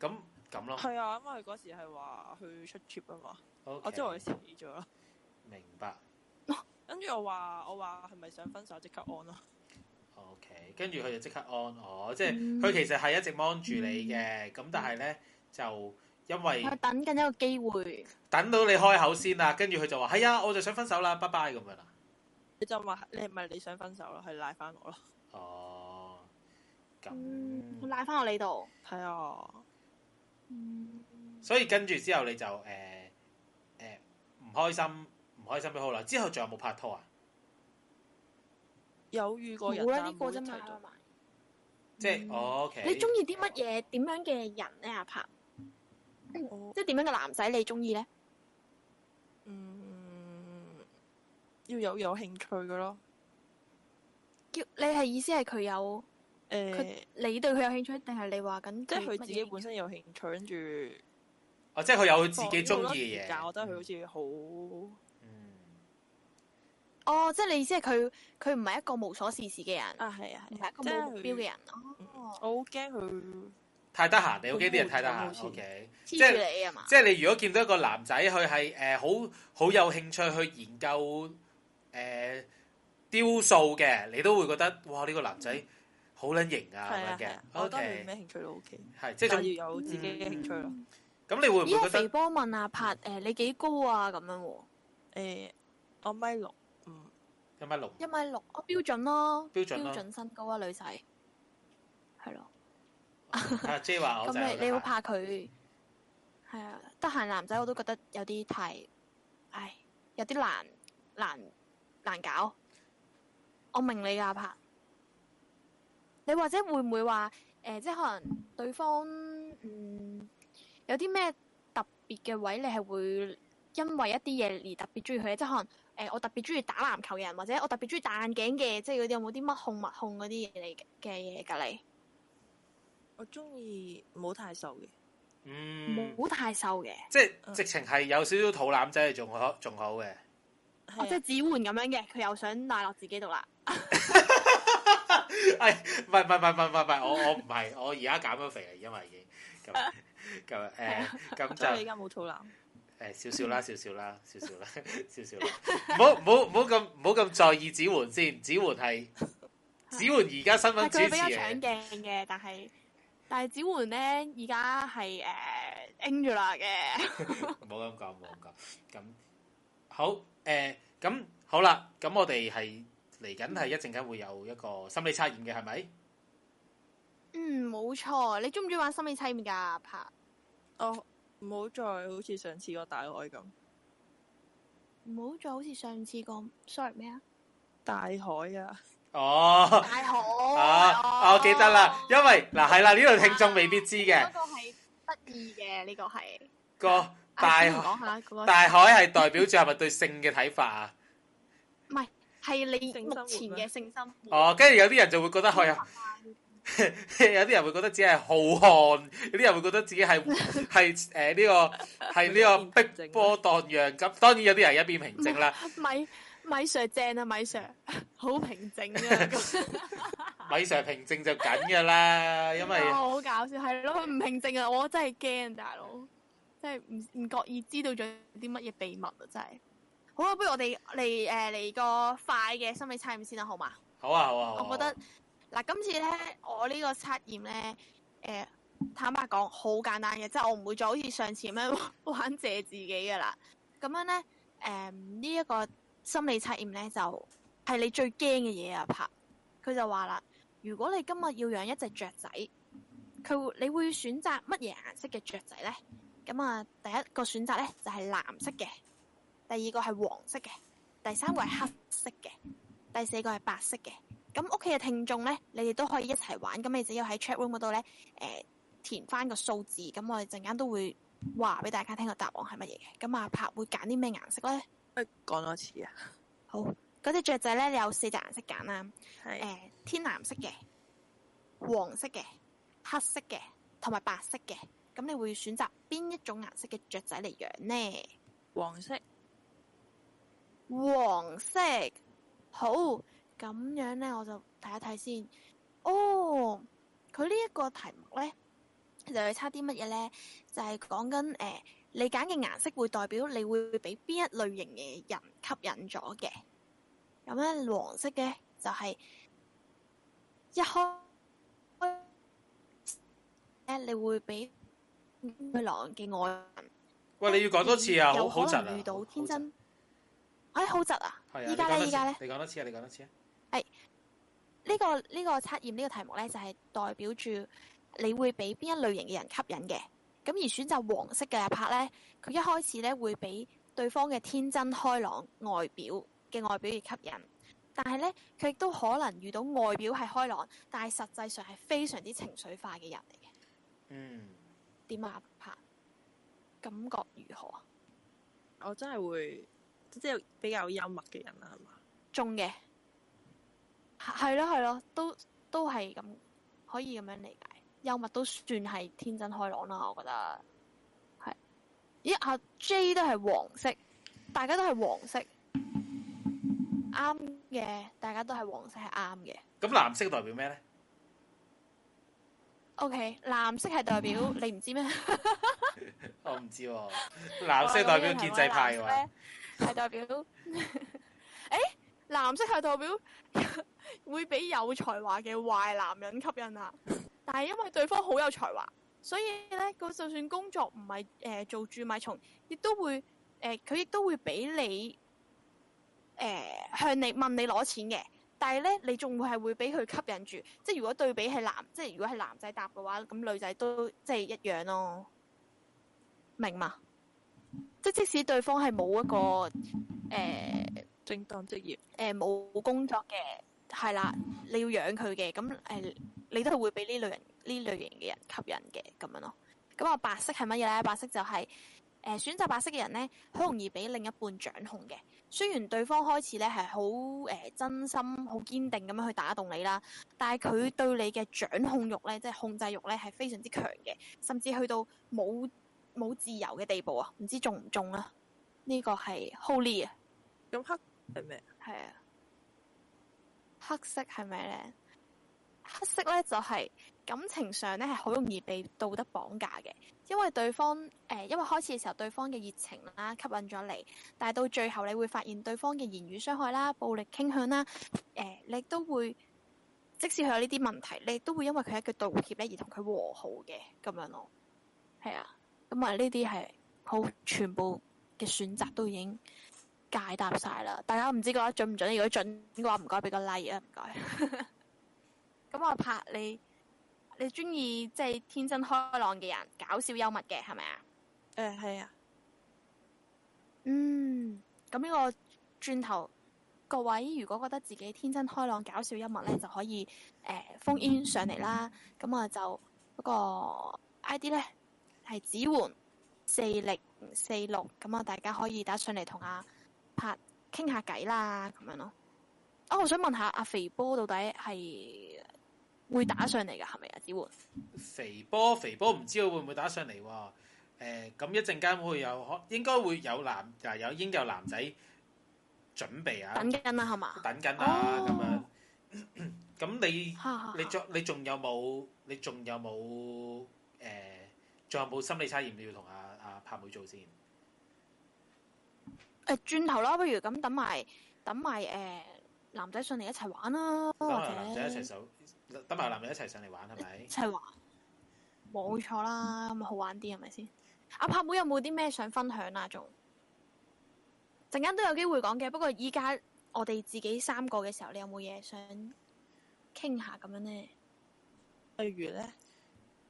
S2: 咁咁咯。係
S5: 啊，因為嗰時係話去出 trip 啊嘛，okay. 我知我遲咗啦。
S2: 明白。
S5: 跟、啊、住我話，我話係咪想分手？即刻安咯。
S2: O K，跟住佢就即刻安哦，即係佢其實係一直 mon 住你嘅，咁、嗯、但係咧就因為佢
S3: 等緊一個機會，
S2: 等到你開口先啦，跟住佢就話係啊，我就想分手啦拜拜，bye bye 咁樣啦。
S5: 你就話你係咪你想分手咯，佢拉翻我咯。
S2: 哦，
S3: 咁、嗯、拉翻我你度係啊，
S2: 所以跟住之後你就誒誒唔開心，唔開心咗好耐啦。之後仲有冇拍拖啊？有遇過人爭
S3: 啲過啫嘛，即
S2: 係、嗯哦、OK 你。你中
S3: 意啲乜嘢，點樣嘅人咧？阿、啊、柏，即係點樣嘅男仔你中意咧？嗯，
S5: 要有有興趣嘅咯。
S3: 叫你係意思係佢有誒、欸？你對佢有興趣，定係你話緊即係佢自己本身有興趣，
S5: 跟住啊，即係佢有自己中意嘅嘢。我覺得佢好似好。
S3: 哦，即係你意思係佢佢唔係一個無所事事嘅人啊，係啊，係、啊、一個冇目標嘅人是他。哦，我好驚佢
S2: 太得閒。你好 k 啲人太得閒。O、okay、K、okay。即係即係你如果見到一個男仔，佢係誒好好有興趣去研究誒、呃、雕塑嘅，你都會覺得哇呢、這個男仔好捻型啊咁、啊、樣嘅、啊 okay。我覺得佢咩興
S3: 趣都 OK。
S2: 係即係仲要有自己嘅興趣咯。咁、嗯嗯、你會唔會覺得、這個、
S3: 肥波問啊？拍誒、嗯呃、你幾高啊？咁樣誒我米六。嗯嗯嗯嗯嗯嗯嗯一米六、啊，一米六，我標準咯，標準身高啊，女仔，係咯。啊，
S2: 即係話我。咁你，你會怕
S3: 佢係、嗯、啊？得閒男仔我都覺得有啲太，唉，有啲難難難搞。我明你噶阿伯，你或者會唔會話誒、呃，即係可能對方嗯有啲咩特別嘅位，你係會因為一啲嘢而特別中意佢，即係可能。誒、欸，我特別中意打籃球嘅人，或者我特別中意戴眼鏡嘅，即係嗰啲有冇啲乜控物控嗰啲嘢，嚟嘅嘢？噶你，我中意冇太瘦嘅，
S2: 嗯，
S3: 冇太瘦嘅，
S2: 即係直情係有少少肚腩仔仲仲好嘅。
S3: 好啊，即係指換咁樣嘅，佢又想賴落自己度啦。
S2: 係， 哎，唔係唔係唔係唔係，我我唔係，我而家減咗肥啊，因為已經咁咁誒，咁、呃、就。而家冇肚腩。誒，少少啦，少少啦，少少啦，少少啦，唔好唔好唔好咁唔好咁在意子桓先，子桓係子桓而家身份，佢比較搶
S3: 鏡嘅，但係但係子桓咧而家係誒 Angela 嘅，
S2: 唔好咁講，唔好咁講，咁 好誒，咁、呃、好啦，咁我哋係嚟緊係一陣間會有一個心理測驗嘅，係咪？
S3: 嗯，冇錯，你中唔中意玩心理測驗噶？拍哦。唔好再好似上次個大海咁，唔好再好似上次咁。Sorry 咩
S2: 啊？大海啊！哦、oh,，大海、 oh, 啊、oh！我記得啦，因為嗱係啦，呢、啊、度、啊、聽眾未必知嘅。呢、
S3: 這個係得意嘅，呢、這個係
S2: 個大海。講、啊、下
S3: 個，大海
S2: 係代表住係咪對性嘅睇法啊？
S3: 唔 係，係你目前嘅性心。哦，
S2: 跟、oh, 住有啲人就會覺得係。嗯哎呀。 有啲人會覺得自己係浩瀚，有啲人會覺得自己係係誒呢個係呢 個碧波蕩漾的。咁當然有啲人一邊平靜啦。
S3: 米米 sir 正啊，米 sir 好平靜靜啊。
S2: 米 sir 平靜就梗㗎啦，因為、 哦、好
S3: 搞笑係咯，佢唔平靜啊，我真係驚，大佬真係唔唔覺意知道咗啲乜嘢秘密啊，真係。好啦，不如我哋嚟誒嚟個快嘅心理測驗先啦，好嘛、
S2: 啊？好啊，好啊，我覺得。
S3: 嗱，今次咧，我呢個測驗咧，誒，坦白講好簡單嘅，即係我唔會再好似上次咁樣玩借自己噶啦。咁樣咧，誒，呢一個心理測驗咧，就係你最驚嘅嘢啊拍。佢就話啦，如果你今日要養一隻雀仔，佢你會選擇乜嘢顏色嘅雀仔咧？咁啊，第一個選擇咧就係藍色嘅，第二個係黃色嘅，第三個係黑色嘅，第四個係白色嘅。咁屋企嘅聽眾咧，你哋都可以一齊玩。咁你只要喺 chat room 嗰度咧，誒、呃、填翻個數字，咁我哋陣間都會話俾大家聽個答案係乜嘢嘅。咁阿柏會揀啲咩顏色咧？誒，
S5: 講多次啊！好，
S3: 嗰、那、隻、個、雀仔咧，你有四隻顏色揀啦。係。誒、呃，天藍色嘅、黃色嘅、黑色嘅同埋白色嘅，咁你會選擇邊一種顏色嘅雀仔嚟養呢？黃色。黃色。好。咁樣咧，我就睇一睇先。哦，佢呢一個題目咧，就係差啲乜嘢咧？就係講緊誒，你揀嘅顏色會代表你會俾邊一類型嘅人吸引咗嘅。咁咧，黃色嘅就係一開咧，你會俾開朗嘅愛人。
S2: 喂，你要講多次啊？有好窒啊！好好
S3: 遇到天真，哎，好窒、係、啊！依家呢？依家呢？你
S2: 講多，多次啊！你講多次啊！
S3: 呢、呢個呢、呢個測驗呢、呢個題目呢，就係、是、代表住你會俾邊一類型嘅人吸引嘅，咁而選擇黃色嘅阿拍呢，佢一開始呢會俾對方嘅天真開朗外表嘅外表而吸引，但係呢，佢亦都可能遇到外表係開朗，但係實際上係非常之情緒化嘅人嚟嘅。嗯，點阿拍？感覺如何？
S5: 我真係會即係、就是、比較幽默嘅人啦，係嘛？
S3: 中嘅。係咯，係咯，都都係咁，可以咁樣理解。幽默都算係天真開朗啦，我覺得係咦阿 J 都係黃色，大家都係黃色，啱嘅，大家都係黃色係啱嘅。
S2: 咁藍色代表咩咧
S3: ？OK，藍色係代表你唔知咩？
S2: 我唔知道、啊，藍色代表建制派嘅
S3: 話，係 代表誒、 哎，藍色係代表。 會俾有才華嘅壞男人吸引啊！但係因為對方好有才華，所以咧個就算工作唔係誒做蛀米蟲，亦都會誒佢亦都會俾你誒、呃、向你問你攞錢嘅。但係咧你仲會係會俾佢吸引住。即係如果對比係男，即係如果係男仔答嘅話，咁女仔都即係一樣咯。明嘛？即係即使對方係冇一個誒、呃、正當職業，誒、呃、冇工作嘅。係啦，你要養佢嘅，咁誒、呃，你都係會俾呢類人呢類型嘅人吸引嘅，咁樣咯。咁、嗯、啊，白色係乜嘢咧？白色就係、是、誒、呃，選擇白色嘅人咧，好容易俾另一半掌控嘅。雖然對方開始咧係好誒，真心好堅定咁樣去打動你啦，但係佢對你嘅掌控欲咧，即、就、係、是、控制欲咧，係非常之強嘅，甚至去到冇冇自由嘅地步啊！唔知中唔中啊？呢個係 Holy 啊！咁黑係咩啊？係啊！黑色係咪咧？黑色咧就係、是、感情上咧係好容易被道德綁架嘅，因為對方誒、呃，因為開始嘅時候對方嘅熱情啦吸引咗你，但係到最後你會發現對方嘅言語傷害啦、暴力傾向啦，誒、呃，你都會即使佢有呢啲問題，你都會因為佢係一句道歉咧而同佢和好嘅咁樣咯。係啊，咁啊呢啲係好全部嘅選擇都已經。解答晒啦，大家唔知覺得準唔準？如果準嘅話，唔該俾個 like 啊，唔該。咁 我拍你，你中意即係天真開朗嘅人，搞笑幽默嘅係咪啊？誒，係啊。嗯，咁呢、嗯、個轉頭，各位如果覺得自己天真開朗、搞笑幽默咧，就可以誒、呃、phone in 上嚟啦。咁、嗯、啊，我就嗰個 I D 咧係子桓四零四六，咁啊，大家可以打上嚟同阿。拍傾下偈啦，咁樣咯。啊、哦，我想問下阿肥波到底係會打上嚟㗎，係咪啊？子桓，
S2: 肥波肥波唔知會唔會打上嚟喎、啊。咁、呃、一陣間會有，應該會有男嗱有應有男仔準備啊。等緊啦、啊，係嘛？等緊啦，咁啊。咁、oh. 啊、你 你仲你仲有冇你仲有冇仲、呃、有冇心理測驗要同阿阿柏妹做先？
S3: 誒，轉頭啦，不如咁等埋，等埋誒、呃、男仔上嚟一齊玩啦，一齊
S2: 數，等埋男仔一齊上嚟玩係咪？一齊
S3: 玩，冇錯啦，咪好玩啲係咪先？阿柏妹有冇啲咩想分享啊？仲陣間都有機會講嘅，不過依家我哋自己三個嘅時候，你有冇嘢想傾下咁樣呢？例如咧，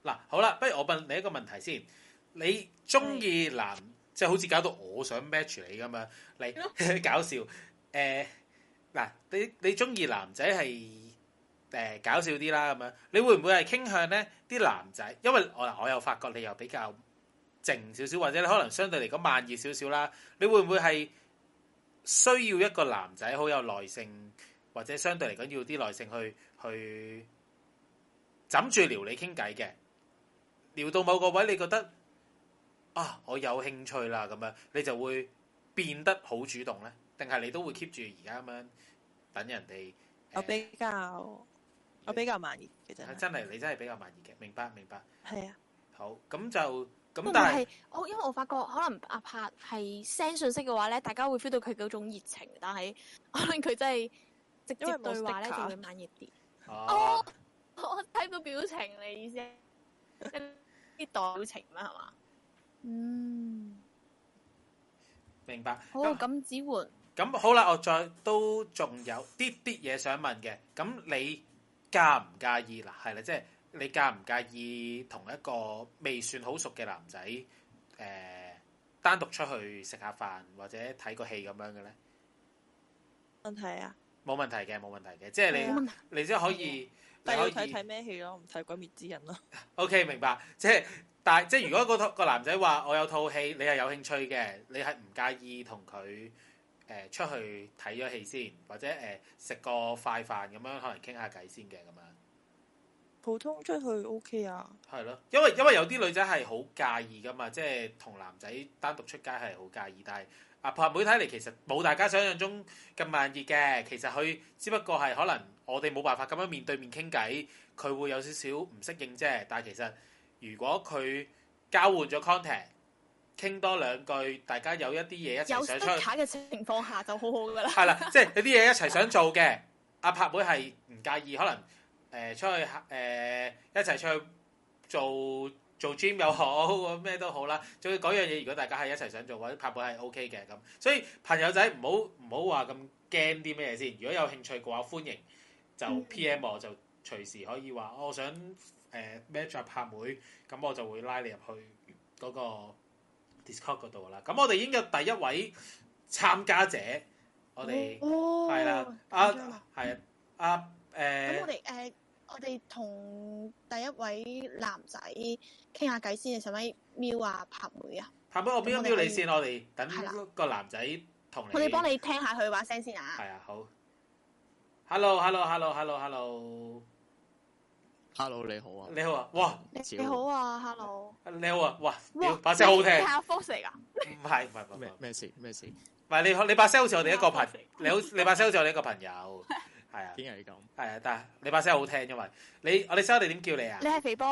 S2: 嗱、啊、好啦，不如我問你一個問題先，你中意男？即係好似搞到我想 match 你咁樣，你搞笑。誒，嗱，你你中意男仔係誒搞笑啲啦咁樣，你會唔會係傾向咧啲男仔？因為我我又發覺你又比較靜少少，或者你可能相對嚟講慢熱少少啦。你會唔會係需要一個男仔好有耐性，或者相對嚟講要啲耐性去去枕住撩你傾偈嘅，撩到某個位你覺得？啊！我有興趣啦，咁樣你就會變得好主動咧，定係你都會 keep 住而家咁樣等人哋。
S5: 我比較、啊、
S2: 我比較慢熱嘅啫。其實真係你真係比較慢熱嘅，明白明白。
S3: 係
S2: 啊，好咁就咁，但係
S3: 我、哦、因為我發覺可能阿柏係 send 信息嘅話咧，大家會 feel 到佢嗰種熱情，但係可能佢真係直接對話咧就會慢熱啲、哦。哦，我睇到表情你意思係啲代表情啦，係
S2: 嘛？ 嗯，明白。
S3: 好，咁子桓，
S2: 咁好啦，我再都仲有啲啲嘢想問嘅。咁你介唔介意啦？係啦，即係你介唔介意同一個未算好熟嘅男仔，誒，單獨出去食下飯或者睇個戲咁樣嘅咧？
S5: 問題啊？
S2: 冇問題嘅，冇問題嘅。即係你，你即係可以。但要睇
S5: 睇咩戲咯？唔睇《鬼滅之刃》咯。
S2: OK，明白。即係。但即係如果個套個男仔話我有套戲，你係有興趣嘅，你係唔介意同佢誒出去睇咗戲先，或者誒食、呃、個快飯咁樣，可能傾下偈先嘅咁樣。
S5: 普通出去 OK 啊，
S2: 係咯，因為因為有啲女仔係好介意㗎嘛，即係同男仔單獨出街係好介意。但係啊，阿婆阿妹睇嚟其實冇大家想像中咁慢熱嘅，其實佢只不過係可能我哋冇辦法咁樣面對面傾偈，佢會有少少唔適應啫。但係其實。如果佢交換咗 contact，傾多兩句，大家有一啲嘢一齊想出去嘅
S3: 情
S5: 況
S2: 下就， 就好好噶啦。係啦，即係有啲嘢一齊想做嘅，阿、啊、柏妹係唔介意，可能誒、呃、出去誒、呃、一齊出去做做 gym 又好，咩都好啦。仲要嗰樣嘢，如果大家係一齊想做或者柏妹係 OK 嘅咁。所以朋友仔唔好唔好話咁驚啲咩嘢先。如果有興趣嘅話，歡迎就 PM 我，就隨時可以話我想。誒、呃、match 阿、啊、拍妹，咁我就會拉你入去嗰個 Discord 嗰度啦。咁我哋已經有第一位參加者，我哋係、哦哦、啦，阿係阿誒。咁、啊啊嗯啊、我哋誒、嗯
S3: 呃、我哋同、呃、第一位男仔傾下偈先，使唔喵啊，拍妹啊？
S2: 拍妹，我瞄瞄你先，我哋等個男仔同你。我哋幫你
S3: 聽下佢話聲先啊。係啊，
S2: 好。Hello，hello，hello，hello，hello hello。Hello, hello, hello. hello 你好啊你好啊哇你好啊 hello 你好啊哇哇你把聲好聽你
S3: 係阿 Fox 嚟噶
S2: 唔係唔係唔係咩事咩事唔係你你把聲好似我哋一個朋你好你把聲好似我哋一個朋友係 啊點解、啊啊、你咁係啊但係你把聲好聽
S6: 因為你我哋聲我哋點叫你啊你係肥波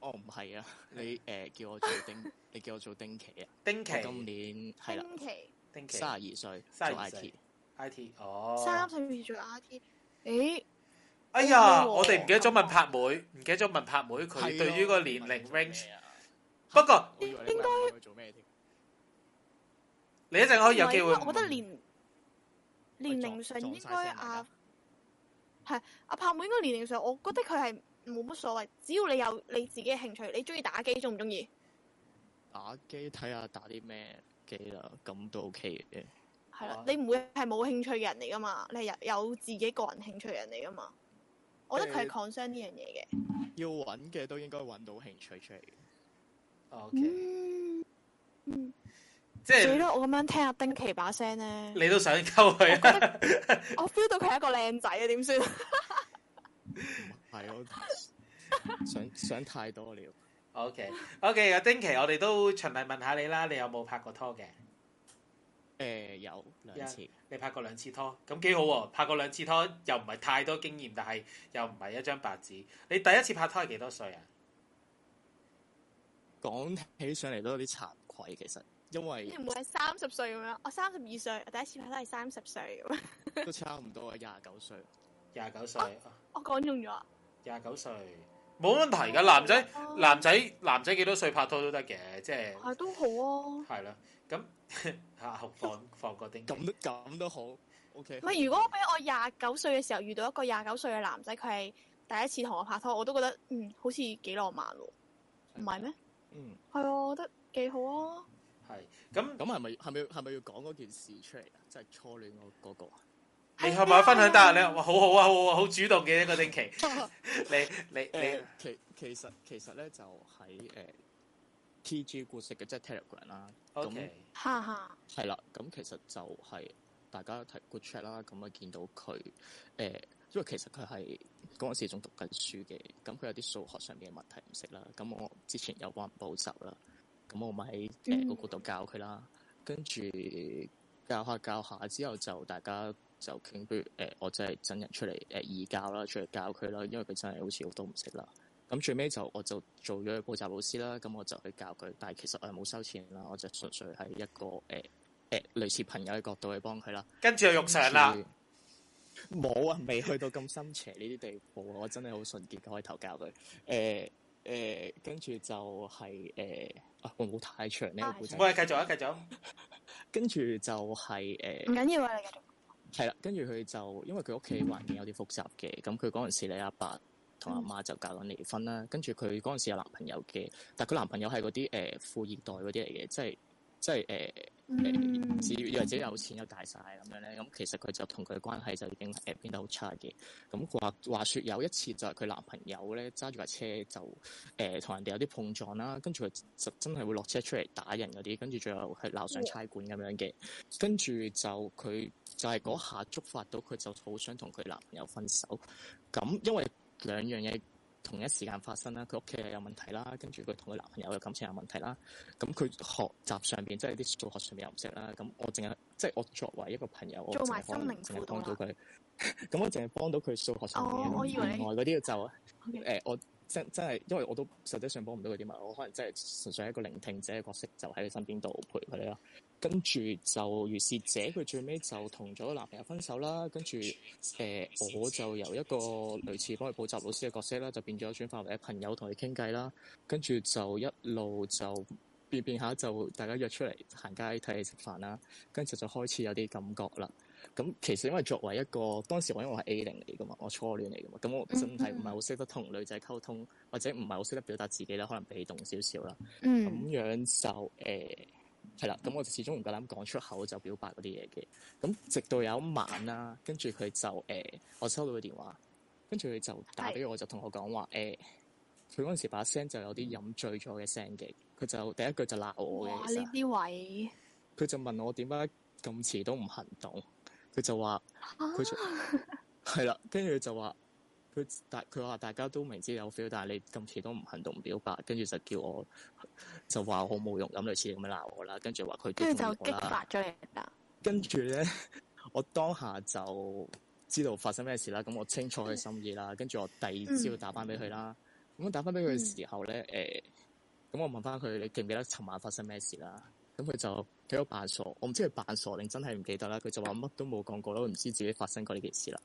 S6: 哦，唔係啊你誒、呃、叫我做丁 你叫我做丁奇啊丁奇今年係啦、嗯、丁奇丁奇卅二歲卅二歲 IT 哦三十二
S3: 歲做 IT 誒哎呀，哎呀，我哋唔記得
S2: 咗問拍妹，唔記得咗問拍妹，佢對於個年齡 range，不、啊、不過應該你
S6: 一陣可以有機會。我覺得
S3: 年年齡上應該阿係阿柏妹應該年齡上，我覺得佢係冇乜所謂，只要你有你自己嘅興趣，你中意打機中唔中意？
S6: 打機睇下打啲咩機啦，咁都 OK 嘅。
S3: 係、啊、啦，你唔會係冇興趣嘅人嚟噶嘛？你係有有自己個人興趣嘅人嚟噶嘛？我覺得佢係 concern 呢樣嘢嘅。
S6: 要揾嘅都應該揾到興趣出嚟。O、okay.
S3: K、嗯。嗯。即係。幾多？我咁樣聽阿丁奇把聲咧。
S6: 你
S2: 都想溝佢、啊？
S3: 我 feel 到佢係一個靚仔啊！點算？
S2: 係 我 想想太多了。O K O K 阿丁奇，我哋都循例問下你啦，你有冇拍過拖嘅？誒、嗯，有兩次，你拍過兩次拖，咁幾好喎，啊！拍過兩次拖，又唔係太多經驗，但係又唔係一張白紙。你第一次拍拖係幾多歲啊？
S6: 講起上嚟，都有啲慚愧，其實因為你唔會係
S3: 三十歲咁樣，我三十二歲，第一次拍拖係三十歲咁。
S6: 都差唔多廿九歲啊，廿九歲，廿九歲。我講中咗。
S2: 廿九歲冇問題噶，啊，男仔，啊，男仔男仔幾多歲拍拖都得嘅，即係係
S6: 都好啊。
S2: 係啦，啊，咁。吓、 啊，放放個定期，咁都
S6: 咁都好，O K。唔、okay, 係如果
S3: 俾我廿九歲嘅時候遇到一個廿九歲嘅男仔，佢係第一次同我拍拖，我都覺得嗯，好似幾浪漫喎，唔係咩？嗯，係 啊、哦，我覺得幾好啊。
S6: 係，咁咁係咪係咪係咪要講嗰件事出嚟、就是那個、啊？即係初戀嗰嗰個，你係咪分享？得？係你，哇，好好啊，好,好主動嘅一個定期。你 你 你，你你欸你啊、其其實其實咧就喺誒。呃 T.G. 故事嘅即係 Telegram 啦、okay.，咁哈哈，係 啦，咁其實就係、是、大家提 Good Chat 啦，咁啊見到佢誒、呃，因為其實佢係嗰陣時仲讀緊書嘅，咁佢有啲數學上面嘅問題唔識啦，咁我之前有幫人補習啦，咁我咪誒、呃嗰個度教佢啦，mm. 跟住教下教下之後就大家就傾，不如誒、呃、我真係真人出嚟誒、呃、義教啦，出嚟教佢啦，因為佢真係好似好多唔識啦。咁最尾就我就做咗個補習老師啦，咁我就去教佢，但係其實我係冇收錢啦，我就純粹係一個誒誒、呃呃、類似朋友嘅角度去幫佢啦。跟住又玉石啦，冇啊，未去到咁深邪呢啲地步 我真係好純潔嘅開頭教佢。誒、呃、誒、呃，跟住就係、是、誒，唔、呃、會唔會太長呢、啊這個故事。喂、啊，繼續啊，
S2: 繼續。
S6: 跟住就是呃、係誒，唔緊要啊，你繼續。係啦，跟住佢就因為佢屋企環境有啲複雜嘅，咁佢嗰陣時你阿伯。同阿媽就搞緊離婚啦，跟住佢嗰陣時有男朋友嘅，但係佢男朋友係嗰啲誒富二代嗰啲嚟嘅，即係即係誒誒，唔知或者有錢又大晒咁樣咧。咁其實佢就同佢嘅關係就已經誒變得好差嘅。咁話話説有一次就係佢男朋友咧揸住架車就誒同、呃、人哋有啲碰撞啦，跟住佢就真係會落車出嚟打人嗰啲，跟住最後係鬧上差館咁樣嘅、嗯。跟住就佢就係嗰下觸發到佢就好想同佢男朋友分手，咁因為。兩樣嘢同一時間發生啦，佢屋企係有問題啦，他跟住佢同佢男朋友嘅感情有問題啦，咁佢學習上邊即係啲數學上面又唔識啦，咁我淨係即係我作為一個朋友，做我做埋心靈輔導，幫到佢，咁 我淨係幫到佢數學上面，另外嗰啲就誒、okay。我。即真係，因為我都實際上幫唔到佢啲嘛，我可能真係純粹係一個聆聽者嘅角色，就喺佢身邊度陪佢哋咯。跟住就如是者，佢最尾就同咗男朋友分手啦。跟住誒、呃，我就由一個類似幫佢補習老師嘅角色啦，就變咗轉化為朋友同佢傾偈啦。跟住就一路就變變下，就大家約出嚟行街睇戲食飯啦。跟住就開始有啲感覺啦。咁其實因為作為一個當時我因為我係 A0 嚟噶嘛，我初戀嚟噶嘛，咁我其實唔係好識得同女仔溝通，或者唔係好識得表達自己啦，可能被動少少啦，咁、mm-hmm. 樣就誒係啦。咁、欸、我就始終唔夠膽講出口就表白嗰啲嘢嘅。咁直到有一晚啦，跟住佢就誒、欸、我收到佢電話，跟住佢就打俾我，就跟我說說，就同我講話誒，佢嗰陣時把聲就有啲飲醉咗嘅聲嘅，佢就第一句就鬧我嘅。哇！呢啲位佢就問我點解咁遲都唔行動？佢就話，佢就係啦，跟、啊、住就話，佢大佢話大家都明知有 feel，但係你今次都唔行動表白，跟住就叫我，就話好冇用咁類似咁樣鬧我啦，跟住話佢。跟住就激發咗你啦。跟住咧，我當下就知道發生咩事啦。咁我清楚佢心意啦，跟、嗯、住我第二朝打翻俾佢啦。咁、嗯、打翻俾佢嘅時候咧，誒、嗯，咁、欸、我問翻佢，你記唔記得尋晚發生咩事啦？咁佢就睇我扮傻，我唔知佢扮傻定真係唔記得啦。佢就話乜都冇講過咯，唔知自己發生過呢件事啦。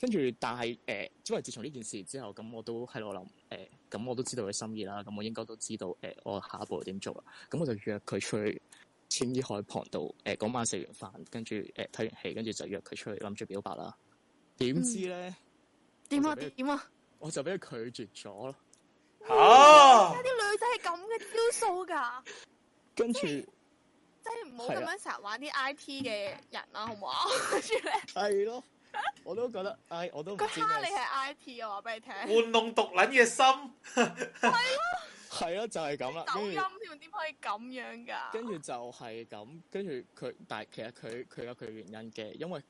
S6: 跟住，但係誒，因、呃、為自從呢件事之後，咁我都喺度諗誒，咁、呃、我都知道佢心意啦。咁我應該都知道誒、呃，我下一步點做啦。咁我就約佢出去青衣海旁度。誒、呃，嗰晚食完飯，跟住誒睇完戲，跟住就約佢出去諗住表白啦。點知咧？點、嗯、啊？點啊？我就俾佢、啊、拒絕咗咯、哦。啊！
S3: 點解啲女仔係咁嘅招數噶？
S6: 跟 住。
S3: 即係唔好咁樣成日玩啲 I T 嘅人啦、啊啊，好唔好？
S6: 跟住咧係咯，我都覺得 I、哎、我都個蝦你係
S3: I T 啊！話，俾你聽。玩弄
S6: 毒撚嘅心係啊，係 啊，就係咁啦。抖音
S3: 點點可以咁樣㗎、啊？
S6: 跟住就係咁，跟住佢，但係其實佢佢有佢嘅原因嘅，因為。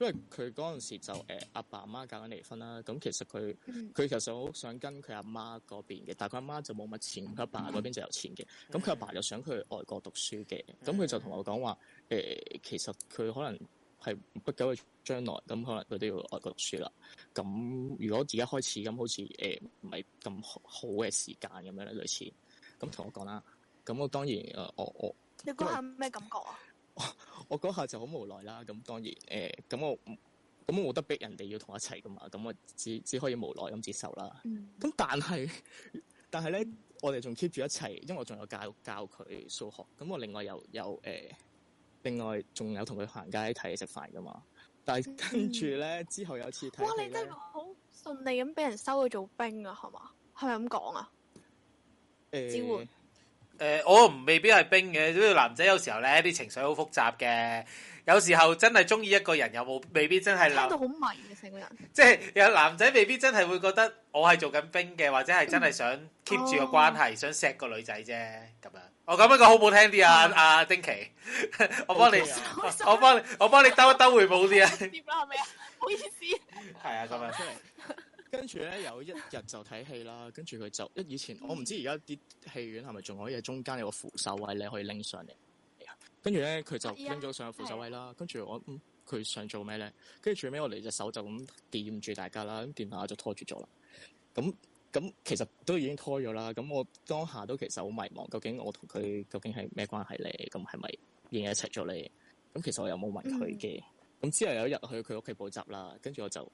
S6: 因為佢嗰陣時候就誒、呃、阿爸阿媽搞緊離婚啦，咁其實佢佢其實好想跟佢阿媽嗰邊嘅，但係佢阿媽就冇乜錢，佢阿爸嗰邊就有錢嘅，咁佢阿爸又想佢去外國讀書嘅，咁、嗯、佢就同我講話誒、呃，其實佢可能係不久嘅將來，咁可能佢都要外國讀書啦。咁如果而家開始咁好似誒唔係咁好嘅時間咁樣，類似咁同我講啦。咁我當然誒、呃、我我
S3: 你嗰下咩感覺啊？
S6: 我嗰下就好無奈啦，咁當然誒，咁、呃、我咁我冇得逼人哋要同一齊噶嘛，咁我只只可以無奈咁接受啦。咁、嗯、但係但係咧、嗯，我哋仲 keep 住一齊，因為我仲有教教佢數學，咁我另外又有，誒、呃，另外仲有同佢行街睇戲食飯噶嘛。但係跟住咧、嗯、之後有一次，睇戲，哇！你真係
S3: 好順利咁俾人收佢做兵啊，係嘛？係咪咁講啊？
S6: 呃、支誒、
S2: 呃，我唔未必係兵嘅，因為男仔有時候咧，啲情緒好複雜嘅。有時候真係中意一個人，又有冇未必真係諗到好迷嘅成個人。即係有男仔未必真係會覺得我係做緊兵嘅，或者係真係想 keep 住個關係，嗯哦、想錫個女仔啫咁樣。我咁樣講好唔好聽啲啊？阿、嗯啊啊、丁奇、 okay，我幫你，我幫你，我幫你兜一兜回報啲啊！掂
S5: 啦係咪啊？唔好
S6: 意思。係啊，咁樣出嚟。 跟住咧，有一日就睇戲啦，跟住佢就一，以前我唔知而家啲戲院係咪仲可以喺中間有個扶手位咧，可以拎上嚟。跟住咧佢就拎咗上扶手位啦。跟 住我佢，嗯、想做咩咧？跟住最尾我哋隻手就咁掂住大家啦，咁掂下就拖住咗啦。咁咁其實都已經拖咗啦。咁我當下都其實好迷茫，究竟我同佢究竟係咩關係咧？咁係咪影一齊做咧？咁其實我又冇問佢嘅。咁 之後有一日去佢屋企補習啦，跟住我就。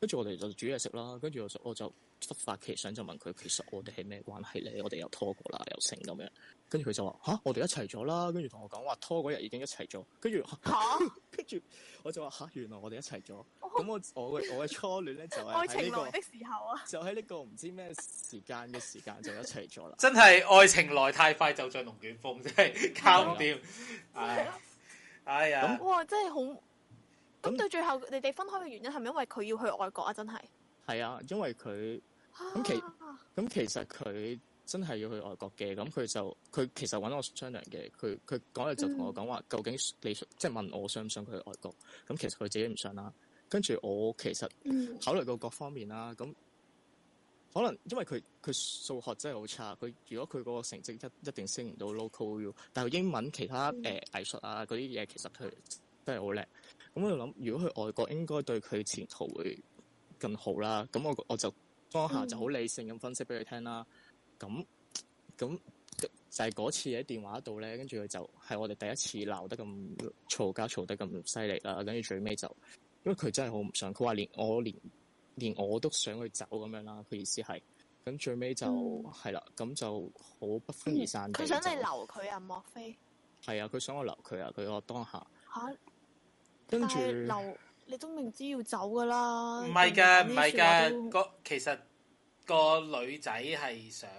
S6: 跟住我哋就煮嘢食啦，跟住我我就突發奇想，就問佢，其實我哋係咩關係咧？我哋又拖過啦，又成咁樣，跟住佢就話吓，啊，我哋一齊咗啦，跟住同我講話，拖嗰日已經一齊咗，跟住吓，跟、啊、住我就話吓，啊，原來我哋一齊咗，咁、哦、我我嘅我嘅初戀咧就係、是這個、愛情來的時候啊，就喺呢個唔知咩時間嘅時間就一齊咗啦。
S2: 真係愛情來太快，就像龍捲風，真係靠唔掂。哎呀，咁哇，真係好。
S3: 咁到最後，嗯、你哋分開嘅原因係咪因為佢要去外國啊？真係
S6: 係啊，因為佢咁其咁、啊、其實佢真係要去外國嘅。咁佢就佢其實搵我商量嘅。佢佢嗰日就同我講話、嗯，究竟你即係、就是、問我想唔想佢去外國？咁其實佢自己唔想啦。跟住我其實考慮過各方面啦。咁、嗯、可能因為佢佢數學真係好差，佢如果佢嗰個成績一一定升唔到 local，view，但係英文其他誒、嗯呃、藝術啊嗰啲嘢，其實佢都係好叻。咁我就諗，如果去外國應該對佢前途會更好啦。咁我我就當下就好理性咁分析俾佢聽啦。咁、嗯、咁就係、是、嗰次喺電話度咧，跟住佢就係我哋第一次鬧得咁嘈交，嘈得咁犀利啦。跟住最尾就，因為佢真係好唔想，佢話連我連連我都想去走咁樣啦。佢意思係，咁最尾就係啦，咁、嗯、就好不歡而散。佢想你留佢啊，莫非？係啊，佢想我留佢啊！佢我當下。吓、啊？跟住，留
S3: 你都明知要走噶啦，唔係噶唔係噶，
S2: 個其實個女仔係想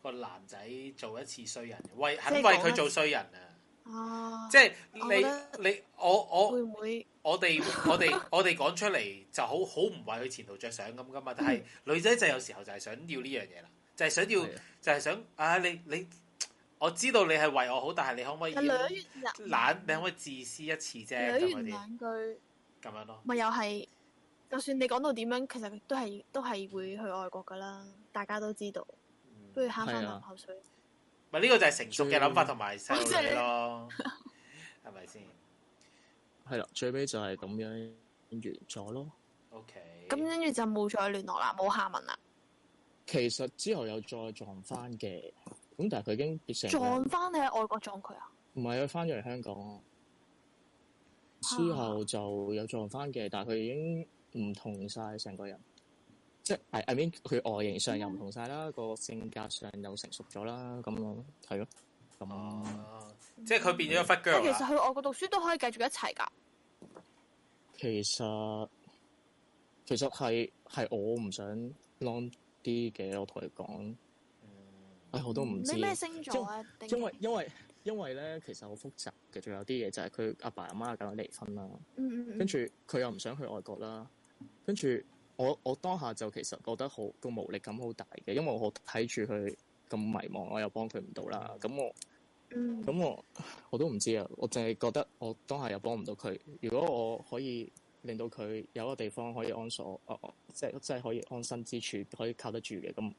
S2: 個男仔做一次衰人，為肯為佢做衰人啊！哦、
S4: 啊，即
S2: 係你我你我我會唔會我哋我哋我哋講出嚟就好好唔為佢前途着想咁噶嘛？ 但係女仔就有時候就係想要呢樣嘢啦，就係、是、想要就係、是、想啊你你。你我知道你係為我好，但係你可唔可以懶？你可唔可以自私一次啫？兩句，咁樣咯。咪
S3: 又係，就算你講到點樣，其實都係都係會去外國噶啦，大家都知道，不如慳翻啖
S2: 口水。咪呢個就係成熟嘅諗法同埋識咯，係咪先？
S6: 係 啦，最尾就係咁樣完咗咯。OK。咁跟住就冇再聯絡啦，冇下文啦。其實之後又再撞翻嘅。咁但係佢已經變成撞
S3: 翻你喺外國撞佢啊？
S6: 唔係佢翻咗嚟香港，啊，之後就有撞翻嘅。但係佢已經唔同晒成個人，即係 I mean, 佢外形上又唔同晒啦，個、嗯、性格上又成熟咗啦，咁咯，係咯，咁啊，啊嗯、
S2: 即係佢變咗忽
S6: 腳。其實
S3: 去外國讀書都可以繼續一齊噶。
S6: 其實其實係係我唔想 long 啲嘅，我同你講。誒，我都唔知咩星座、啊、因為因為因為咧，其實好複雜嘅，仲有啲嘢就係佢阿爸阿媽又搞到離婚啦。嗯嗯。跟住佢又唔想去外國啦。跟住我我當下就其實覺得好、嗰個無力感好大嘅，因為我睇住佢咁迷茫，我又幫佢唔到啦。咁我，
S4: 咁、
S6: mm-hmm. 我我都唔知啊！我淨係覺得我當下又幫唔到佢。如果我可以令到佢有一個地方可以安所，哦即係即係可以安身之處，可以靠得住嘅咁。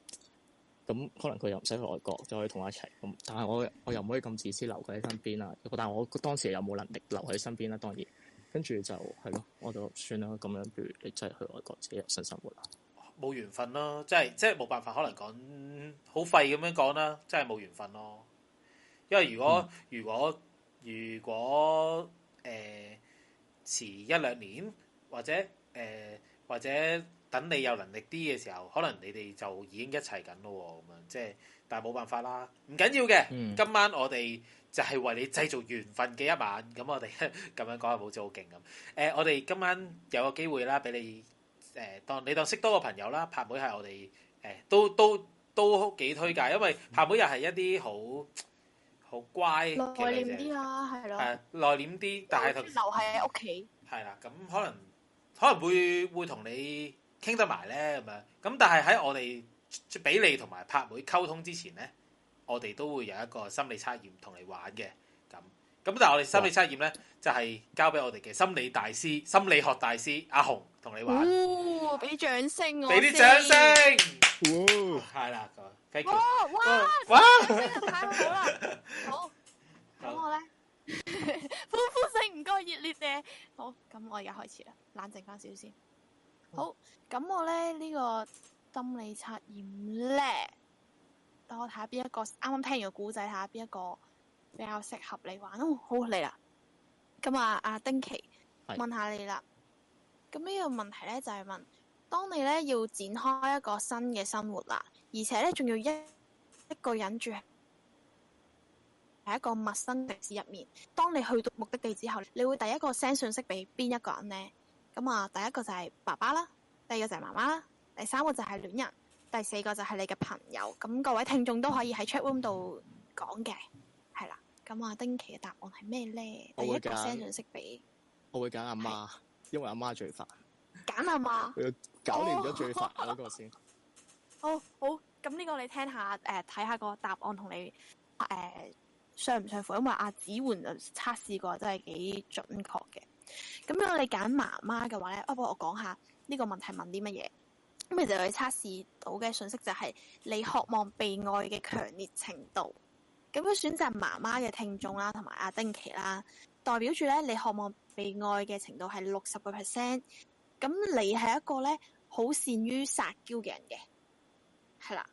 S6: 咁可能佢又唔使去外國，就可以同我一齊咁。但係我我又唔可以咁自私，留佢喺身邊啦！但係我當時又冇能力留喺身邊啦，當然。跟住就係咯，我就算啦。咁樣，譬如你真係去外國自己有新生活啦，
S2: 冇緣分咯，即係即係冇辦法，可能講好廢咁樣講啦，真係冇緣分咯。因為如果、嗯、如果如果誒、呃、遲一兩年或者誒或者。呃或者等你有能力啲嘅時候，可能你哋就已經在一齊緊咯喎，咁樣即係，但係冇辦法啦，唔緊要嘅。今晚我哋就係為你製造緣分嘅一晚，咁我哋咁樣講係好似好勁咁。誒、呃，我哋今晚有個機會啦，俾你誒當、呃、你當識多個朋友啦。拍妹係我哋誒、呃、都都都幾推介，因為拍妹又係一啲好好乖內斂啲啦，係
S3: 咯、啊，係
S2: 內斂啲，但係留
S3: 喺屋企
S2: 係啦，咁可能可能會會同你。傾得埋咧咁樣，咁但係喺我哋俾你同埋拍妹溝通之前咧，我哋都會有一個心理測驗同你玩嘅。咁咁，但係我哋心理測驗咧就係交俾我哋嘅心理大師、心理學大師阿紅同你玩。
S3: 哦，俾掌，掌聲！俾啲掌聲！
S2: 哇，係啦，繼續。哇哇！太好啦，
S3: 好咁我咧，歡 呼，呼聲唔夠熱烈嘅，好咁我而家開始啦，冷靜翻少少先。好，咁我咧呢、呢個心理測驗咧，等我睇下邊一個啱啱聽完個古仔，睇下邊一個比較適合你玩。哦，好嚟啦，咁啊，阿丁奇問下你啦。咁呢個問題咧就係、係、問，當你咧要展開一個新嘅生活啦，而且咧仲要一一個人住喺一個陌生城市入面。當你去到目的地之後，你會第一個 send 信息俾邊一個人呢？咁啊，第一個就係爸爸啦，第二個就係媽媽啦，第三個就係戀人，第四個就係你嘅朋友。咁各位聽眾都可以喺 chat room 度講嘅係啦。咁啊，丁琪嘅答案係咩咧？第一個信息俾
S6: 我會媽，會揀阿媽，因為阿媽最煩
S3: 揀阿媽，媽媽媽媽媽媽 我要
S6: 搞掂咗最煩嗰個，哦嗰個先。
S3: 哦。好，咁呢個你聽下誒，睇、呃、下個答案同你誒相唔相符，因為阿、啊、子桓就測試過真係幾準確嘅。咁樣你揀媽媽嘅話咧，不過我講下呢個問題問啲乜嘢，咁其實佢測試到嘅信息就係你渴望被愛嘅強烈程度。咁佢選擇媽媽嘅聽眾啦，同埋阿丁奇啦，代表住咧你渴望被愛嘅程度係六十個 percent。咁你係一個咧好善於撒嬌嘅人嘅，係啦，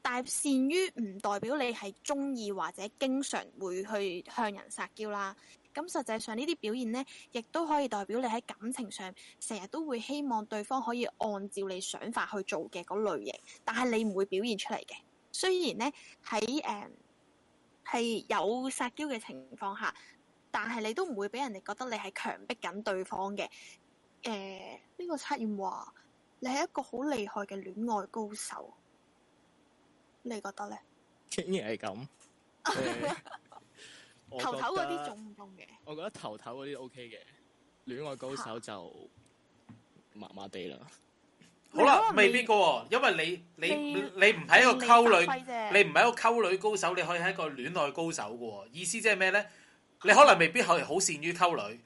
S3: 但係善於唔代表你係中意或者經常會去向人撒嬌啦。咁實際上呢啲表現呢，亦都可以代表你喺感情上成日都會希望對方可以按照你想法去做嘅嗰類型，但係你唔會表現出嚟嘅。雖然呢，喺誒係有撒嬌嘅情況下，但係你都唔會俾人哋覺得你係強迫緊對方嘅。誒、嗯，呢個測驗話你係一個好厲害嘅戀愛高手，你覺得呢？
S6: 竟然係咁。 欸 頭
S3: 頭
S6: 嗰啲仲唔通嘅，我覺得頭頭嗰啲 O K 嘅，戀愛高手就麻麻地啦。好啦，未必個，
S2: 因為你你你唔係一個溝女，你唔係一個溝女高手，你可以係一個戀愛高手嘅意思，即係咩咧？你可能未必係好善於溝女，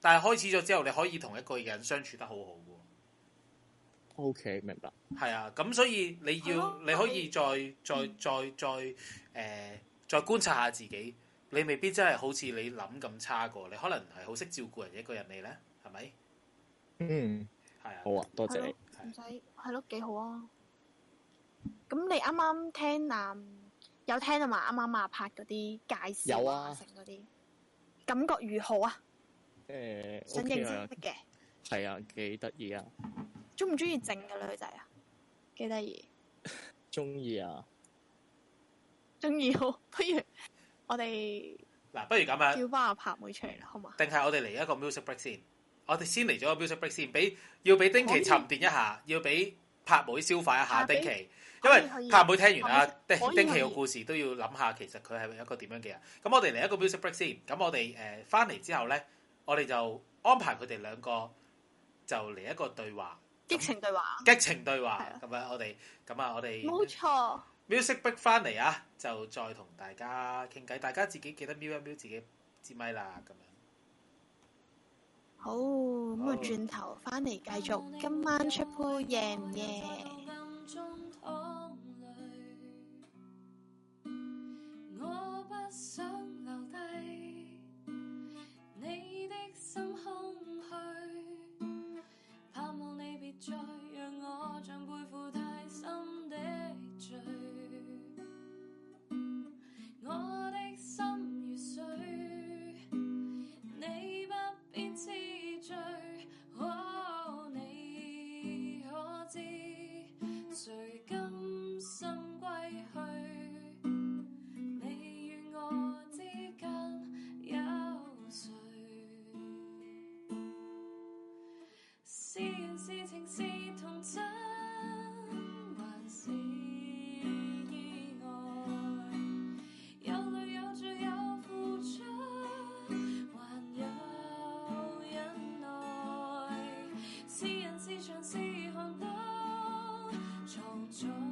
S2: 但係開始咗之後，你可以同一個人相處得好好嘅。
S6: OK，明白。
S2: 係啊，咁所以你要你可以再再再再誒、呃，再觀察下自己。你未必真係好似你諗咁差過，你可能係好識照顧人一個人嚟咧，係咪？嗯，
S6: 係啊。好啊，多謝你。唔
S3: 使，係咯、啊，幾好啊！咁你啱啱聽男、啊、有聽到嘛？啱啱阿拍嗰啲介紹阿成嗰啲，感覺如何啊？誒，O K 啦。
S6: 想認識嘅，係啊，幾得意啊！
S3: 中唔中意靜嘅女仔啊？幾得意？
S6: 中意啊！
S3: 中意、啊、好，不如。我哋
S2: 嗱，不如咁啊，要翻阿柏妹出
S3: 嚟啦，好嘛？
S2: 定係我哋嚟一個 music break 先？我哋先嚟咗個 music break 先，俾要俾丁奇沉澱一下，要俾柏妹消化一下丁奇，因為柏妹聽完啦，丁丁奇嘅故事都要諗下，其實佢係一個點樣嘅人？咁我哋嚟一個 music break 先，咁我哋誒翻嚟之後咧，我哋就安排佢哋兩個就嚟一個對話，
S3: 激情對話，激
S2: 情對話，咁啊，我哋咁啊，我哋冇錯。表示逼翻嚟啊！就再同大家傾偈，大家自己記得瞄一瞄自己支咪啦，咁樣。
S3: 好，咁啊，轉頭翻嚟繼續今晚出 Pool 贏
S1: 嘅。夜唔夜嗯是情是童真，還是意外？有淚有罪有付出，還有忍耐。是人是牆是寒冬，藏在。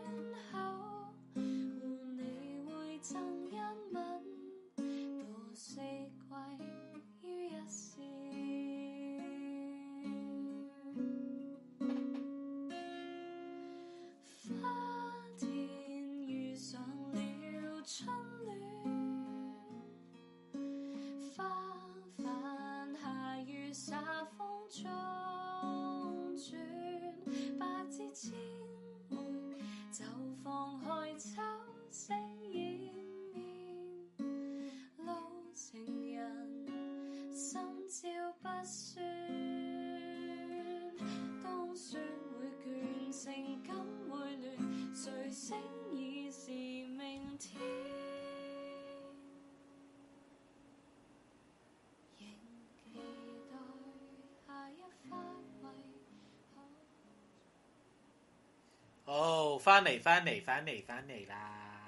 S2: 翻嚟翻嚟翻嚟翻嚟啦！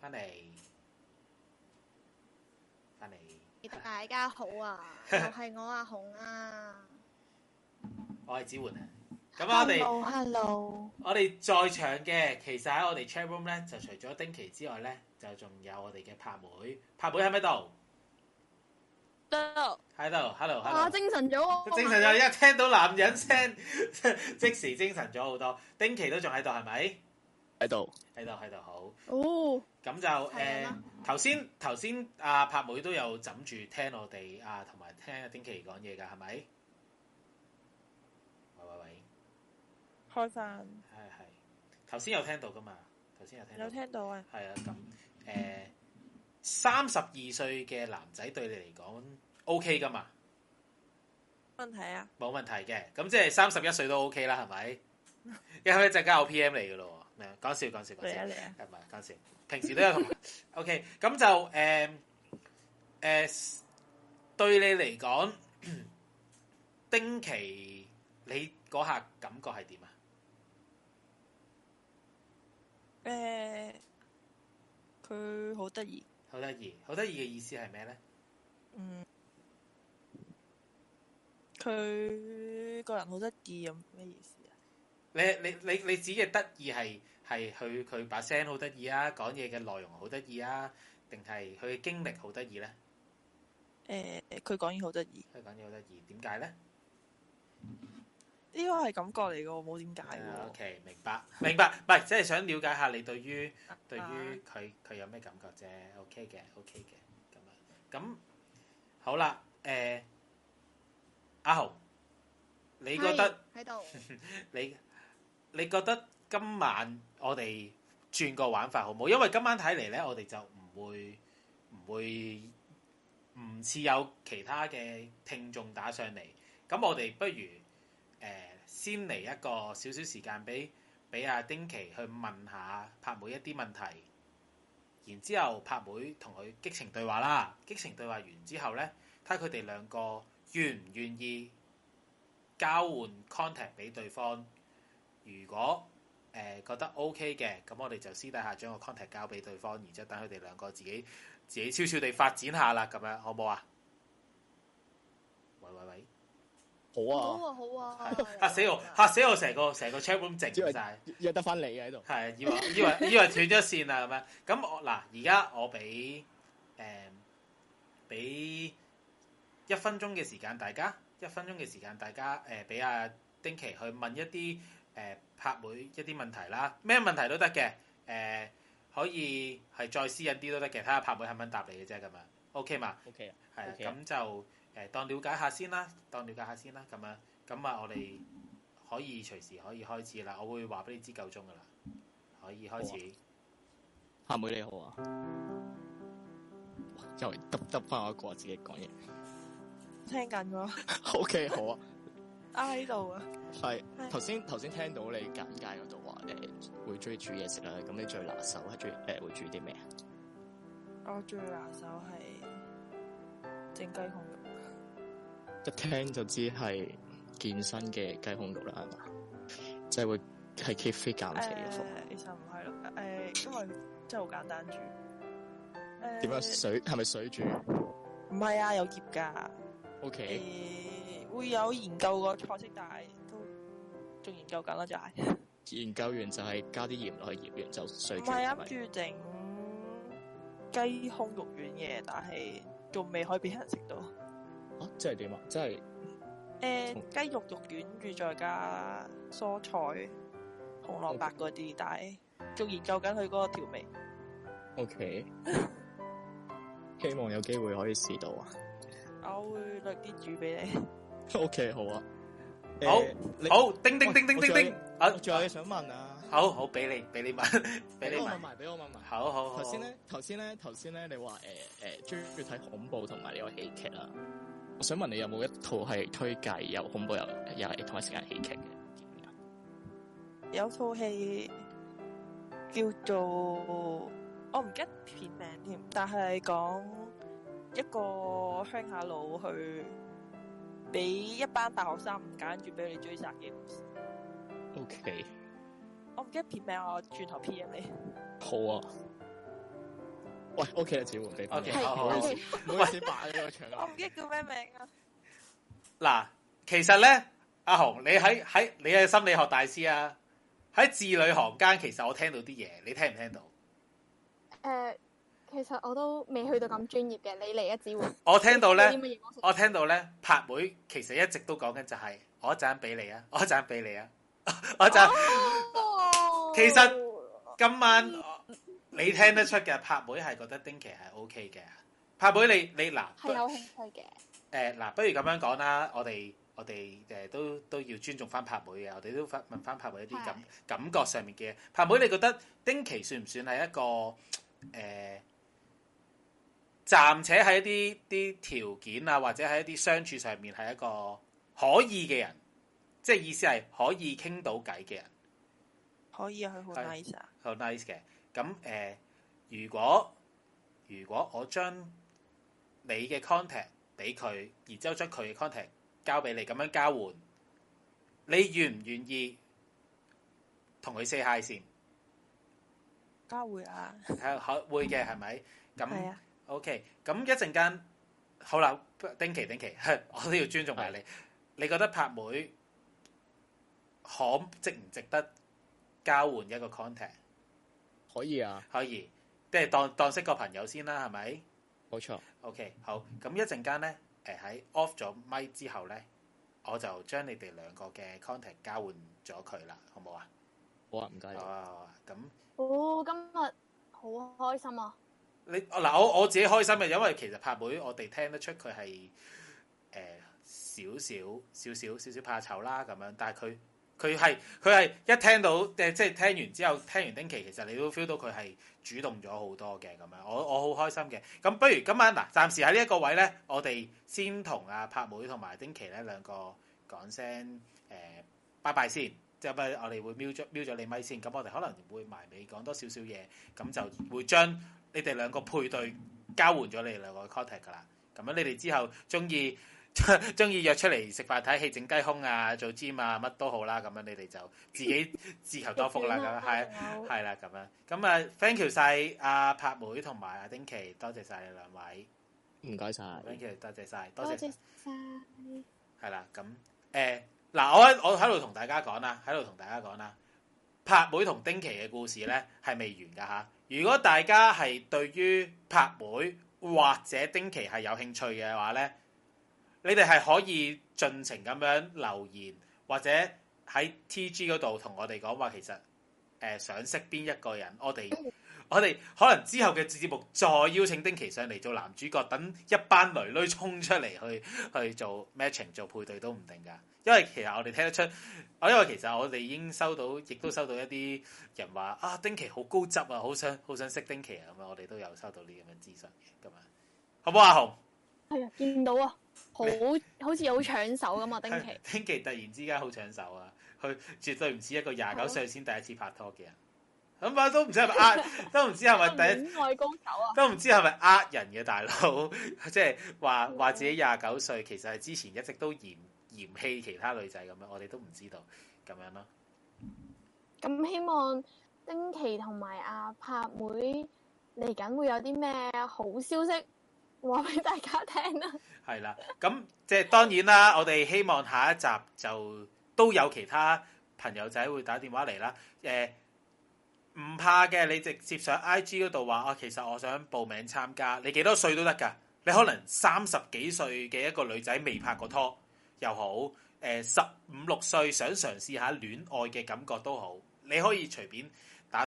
S2: 翻嚟翻
S3: 嚟，大家好啊， 又係我牙紅啊，
S2: 我係子桓啊。咁我哋，hello，hello 我哋在場嘅，其實喺我哋 chat room 咧，就除咗丁琪之外咧，就仲有我哋嘅柏妹，柏妹喺咪度？喺。hello，hello，hello，啊、
S3: 精神咗，精神咗，一
S2: 聽到男人聲，即時精神咗好多。 丁奇都仲喺度，係咪？喺度，喺度，喺度，好。哦，咁就誒，頭先頭先阿柏妹都有枕住聽我哋啊，同埋聽、啊、丁奇講嘢噶，係咪？喂喂喂，
S5: 開翻。
S2: 係、哎、係，頭先有聽到噶嘛？頭先有聽到。有聽到、嗯嗯、啊？係啊，咁誒，三十二歲嘅男仔對你嚟講。O K 噶嘛？
S5: 問題啊？
S2: 冇問題嘅，咁即係三十一歲都 O K 啦，係咪？因後屘就有 P M 嚟嘅咯，講笑講笑講笑講笑，平時都有同。O K，咁就誒誒、呃呃，對你嚟講、呃呃，丁奇你嗰下感覺係點啊？
S5: 誒、呃，佢好得
S2: 意，好得意，好得意嘅意思係咩咧？嗯。
S5: 佢個人好得意咁咩意思啊？
S2: 你你你你指嘅得意係係佢佢把聲好得意啊，講嘢嘅內容好得意啊，定係佢嘅經歷好得意咧？
S5: 誒，佢講嘢好得意。
S2: 佢講嘢好得意，點解咧？
S5: 呢個係感覺嚟噶，冇點解。OK，明白
S2: 明白，唔係即係想了解下你對於對於佢佢有咩感覺啫。OK 嘅，OK 嘅，咁咁好啦，誒。阿豪，你覺得 你你覺得今晚我哋轉個玩法好冇？因為今晚睇嚟呢，我哋就唔會唔會唔似有其他嘅聽眾打上嚟。咁我哋不如誒、呃、先嚟一個少少時間，俾俾阿丁奇去問下柏妹一啲問題，然之後柏妹同佢激情對話啦。激情對話完之後呢，睇佢哋兩個願唔願意交換 contact 俾對方？如果誒、呃、覺得 OK 嘅，咁我哋就私底下將個 contact 交俾對方，然之後等佢哋兩個自己自己悄悄地發展下啦，咁樣好唔好啊？喂喂喂，好啊！好啊！嚇、啊啊啊啊啊、死我！嚇死我！成個成個 chatroom 咁靜晒，約得翻你喺度。係，以為以為以為，以為斷咗線啊咁 樣。咁我嗱，而家我俾誒俾。欸一分鐘嘅時間，大家一分鐘嘅時間，大家誒俾阿丁奇去問一啲誒、呃、拍妹一啲問題啦，咩問題都得嘅，誒可以係、呃、再私隱啲都得嘅，睇下拍妹肯唔肯答你嘅啫咁樣，OK 嘛？OK 啊，咁、OK、就誒、呃、當了解下先啦，當了解下先啦咁樣，咁啊我哋可以隨時可以開始啦，我會話俾你知夠鐘
S6: 㗎喇，可以開始。啊、拍妹你好啊，又急揼翻我一個自己講嘢。聽緊咯。O K，好啊。啊喺度啊。係、啊。頭先頭先聽到你簡介嗰度話，誒會中意煮嘢食啦。咁你最拿手係中意誒會煮啲咩啊？
S5: 我最拿手係整雞胸肉。
S6: 一聽就知係健身嘅雞胸肉啦，係嘛？即、就、係、是、會係 keep fit 減肥嘅其實唔
S5: 係咯，誒、呃，因為真係好簡單煮。點、呃、樣
S6: 水？係咪水煮？
S5: 唔係啊，有醃噶。O、okay. K，會有研究個菜式，但係都仲研究緊啦，就
S6: 係研究完就係加啲鹽落去醃完就碎，唔係啊，諗住
S5: 整雞胸肉丸嘢，但係仲未可以俾人食到。
S6: 啊，即係點啊？即
S5: 係誒，雞、呃、肉肉丸跟住再加蔬菜、紅蘿蔔嗰啲，但係仲研究緊佢嗰個調味。
S6: O、okay. K， 希望有機會可以試到啊！
S5: 我會錄啲
S6: 煮俾你。O、okay, K，好啊。欸、好，你好，叮叮叮叮叮叮，叮，叮，叮，叮，叮。啊，仲有嘢想問啊。
S2: 好好，俾你，俾你問，俾你問埋，俾我問埋。 好好好。頭先咧，
S6: 頭先咧，頭先咧，你話誒誒，中意睇恐怖同埋有喜劇啊。我想問你有冇一套係推介，又恐怖又又係同一時間喜劇嘅？
S5: 有套戲叫做我唔記得片名添，但係你講。一個鄉下佬去俾一班大學生唔揀住俾你追殺嘅，OK。我唔記得片名，我轉頭 P 你。
S6: 好啊。喂，OK 啊，自己換地方。係，唔好意唔好意思，霸咗個場。我唔
S5: 記得叫咩名啊。
S2: 嗱， 其實咧，阿紅，你喺喺你係心理學大師啊。喺字裏行間，其實我聽到啲嘢，你聽唔聽到？誒、
S3: uh,。其實我都未去到咁專業嘅，你嚟一指揮 我聽到咧，
S2: 我聽到咧，拍妹其實一直都講緊就係、是，我一陣俾你啊，我一陣俾你啊，我一陣。哦、 其實今晚 你聽得出嘅，拍妹係覺得丁奇係 O K 嘅。拍妹你，你你嗱係、啊、有興趣嘅。誒、呃，嗱、啊，不如咁樣講啦，我哋我哋誒、呃、都都要尊重翻拍妹嘅，我哋都問翻拍妹一啲感感覺上面嘅。拍妹，你覺得丁奇算唔算係一個誒？呃暫且喺一啲啲條件啊，或者喺一啲相處上面係一個可以嘅人，即係意思係可以傾到偈嘅人，
S5: 可以啊，
S2: 佢好 nice 啊，好 nice 嘅。咁誒、呃，如果如果我將你嘅 contact 俾佢，然之後將佢嘅 contact 交俾你，咁樣交換，你願唔願意同佢 say hi 先？交換啊？係可會嘅，係 咪？咁。O.K. 咁一陣間，好啦，丁奇，丁奇，我都要尊重埋你。你覺得拍妹可值唔值得交換一個 contact？可以啊，可以，即係當當識個朋友先啦，係咪？冇錯。O.K. 好，咁一陣間咧，誒喺 off 咗咪之後咧，我就將你哋兩個嘅 contact 交換咗佢啦，好唔好啊？好啊，唔該。好啊，咁。
S3: 哦，今日好開心啊！
S2: 你嗱，我我自己開心嘅，因為其實柏妹我哋聽得出佢係誒少少少少少少怕醜啦咁樣，但係佢佢係佢係一聽到誒即係聽完之後聽完丁奇，其實你都 feel 到佢係主動咗好多嘅咁樣，我我好開心嘅。咁不如今晚嗱暫時喺呢一個位咧，我哋先同阿柏妹同埋丁奇咧兩個講聲誒拜拜先，即係我哋會瞄咗瞄咗你咪先。咁我哋可能會埋尾講多少少嘢，咁就會將。你哋兩個配對交換咗你哋兩個嘅 contact 噶啦，咁樣你哋之後中意中意約出嚟食飯睇戲整雞胸啊，做 gym 啊，乜都好啦，咁樣你哋就自己 自求多福啦，咁樣係係啦，咁樣咁啊，thank you 晒阿柏妹同埋阿丁奇，多謝晒你兩位，唔該晒 thank you 多謝
S4: 晒。
S2: 多謝曬，係啦，咁誒嗱，我喺我喺度同大家講啦，喺度同大家講啦，柏妹同丁奇嘅故事咧係 未完噶嚇。如果大家係對於拍會或者丁奇係有興趣嘅話咧，你哋係可以盡情咁樣留言或者喺 TG 嗰度同我哋講話，其實誒想識邊一個人，我哋我哋可能之後嘅節目再邀請丁奇上嚟做男主角，等一班女女衝出嚟去去做 matching 做配對都唔定㗎。因為其實我哋聽得出，因為其實我哋已經收到，亦都收到一啲人話啊，丁奇好高質啊，好想好想識丁奇啊，咁樣我哋都有收到呢咁嘅資訊，咁啊，好唔好啊，紅？係啊，見到啊，好， 好似好搶手咁
S3: 啊，丁奇。
S2: 丁奇突然之間好搶手啊，佢絕對唔似一個廿九歲先第一次拍拖嘅人，咁 啊都唔知係咪呃， 都唔知係咪第一戀愛
S3: 高
S2: 手啊，都唔知係咪呃人嘅大佬，即係話話自己廿九歲，其實係之前一直都嚴。嫌棄其他女仔咁樣，我哋都唔知道咁樣咯。
S3: 咁希望丁奇同埋阿柏妹嚟緊會有啲咩好消息話俾大家聽啦，
S2: 啊。係啦，咁即係當然啦。 我哋希望下一集就都有其他朋友仔會打電話嚟啦。誒，呃，唔怕嘅，你直接上 I G 嗰度話啊，其實我想報名參加，你幾多歲都得噶。你可能三十幾歲嘅一個女仔未拍過拖。又好，誒、呃，十五六歲想嘗試下戀愛嘅感覺都好，你可以隨便。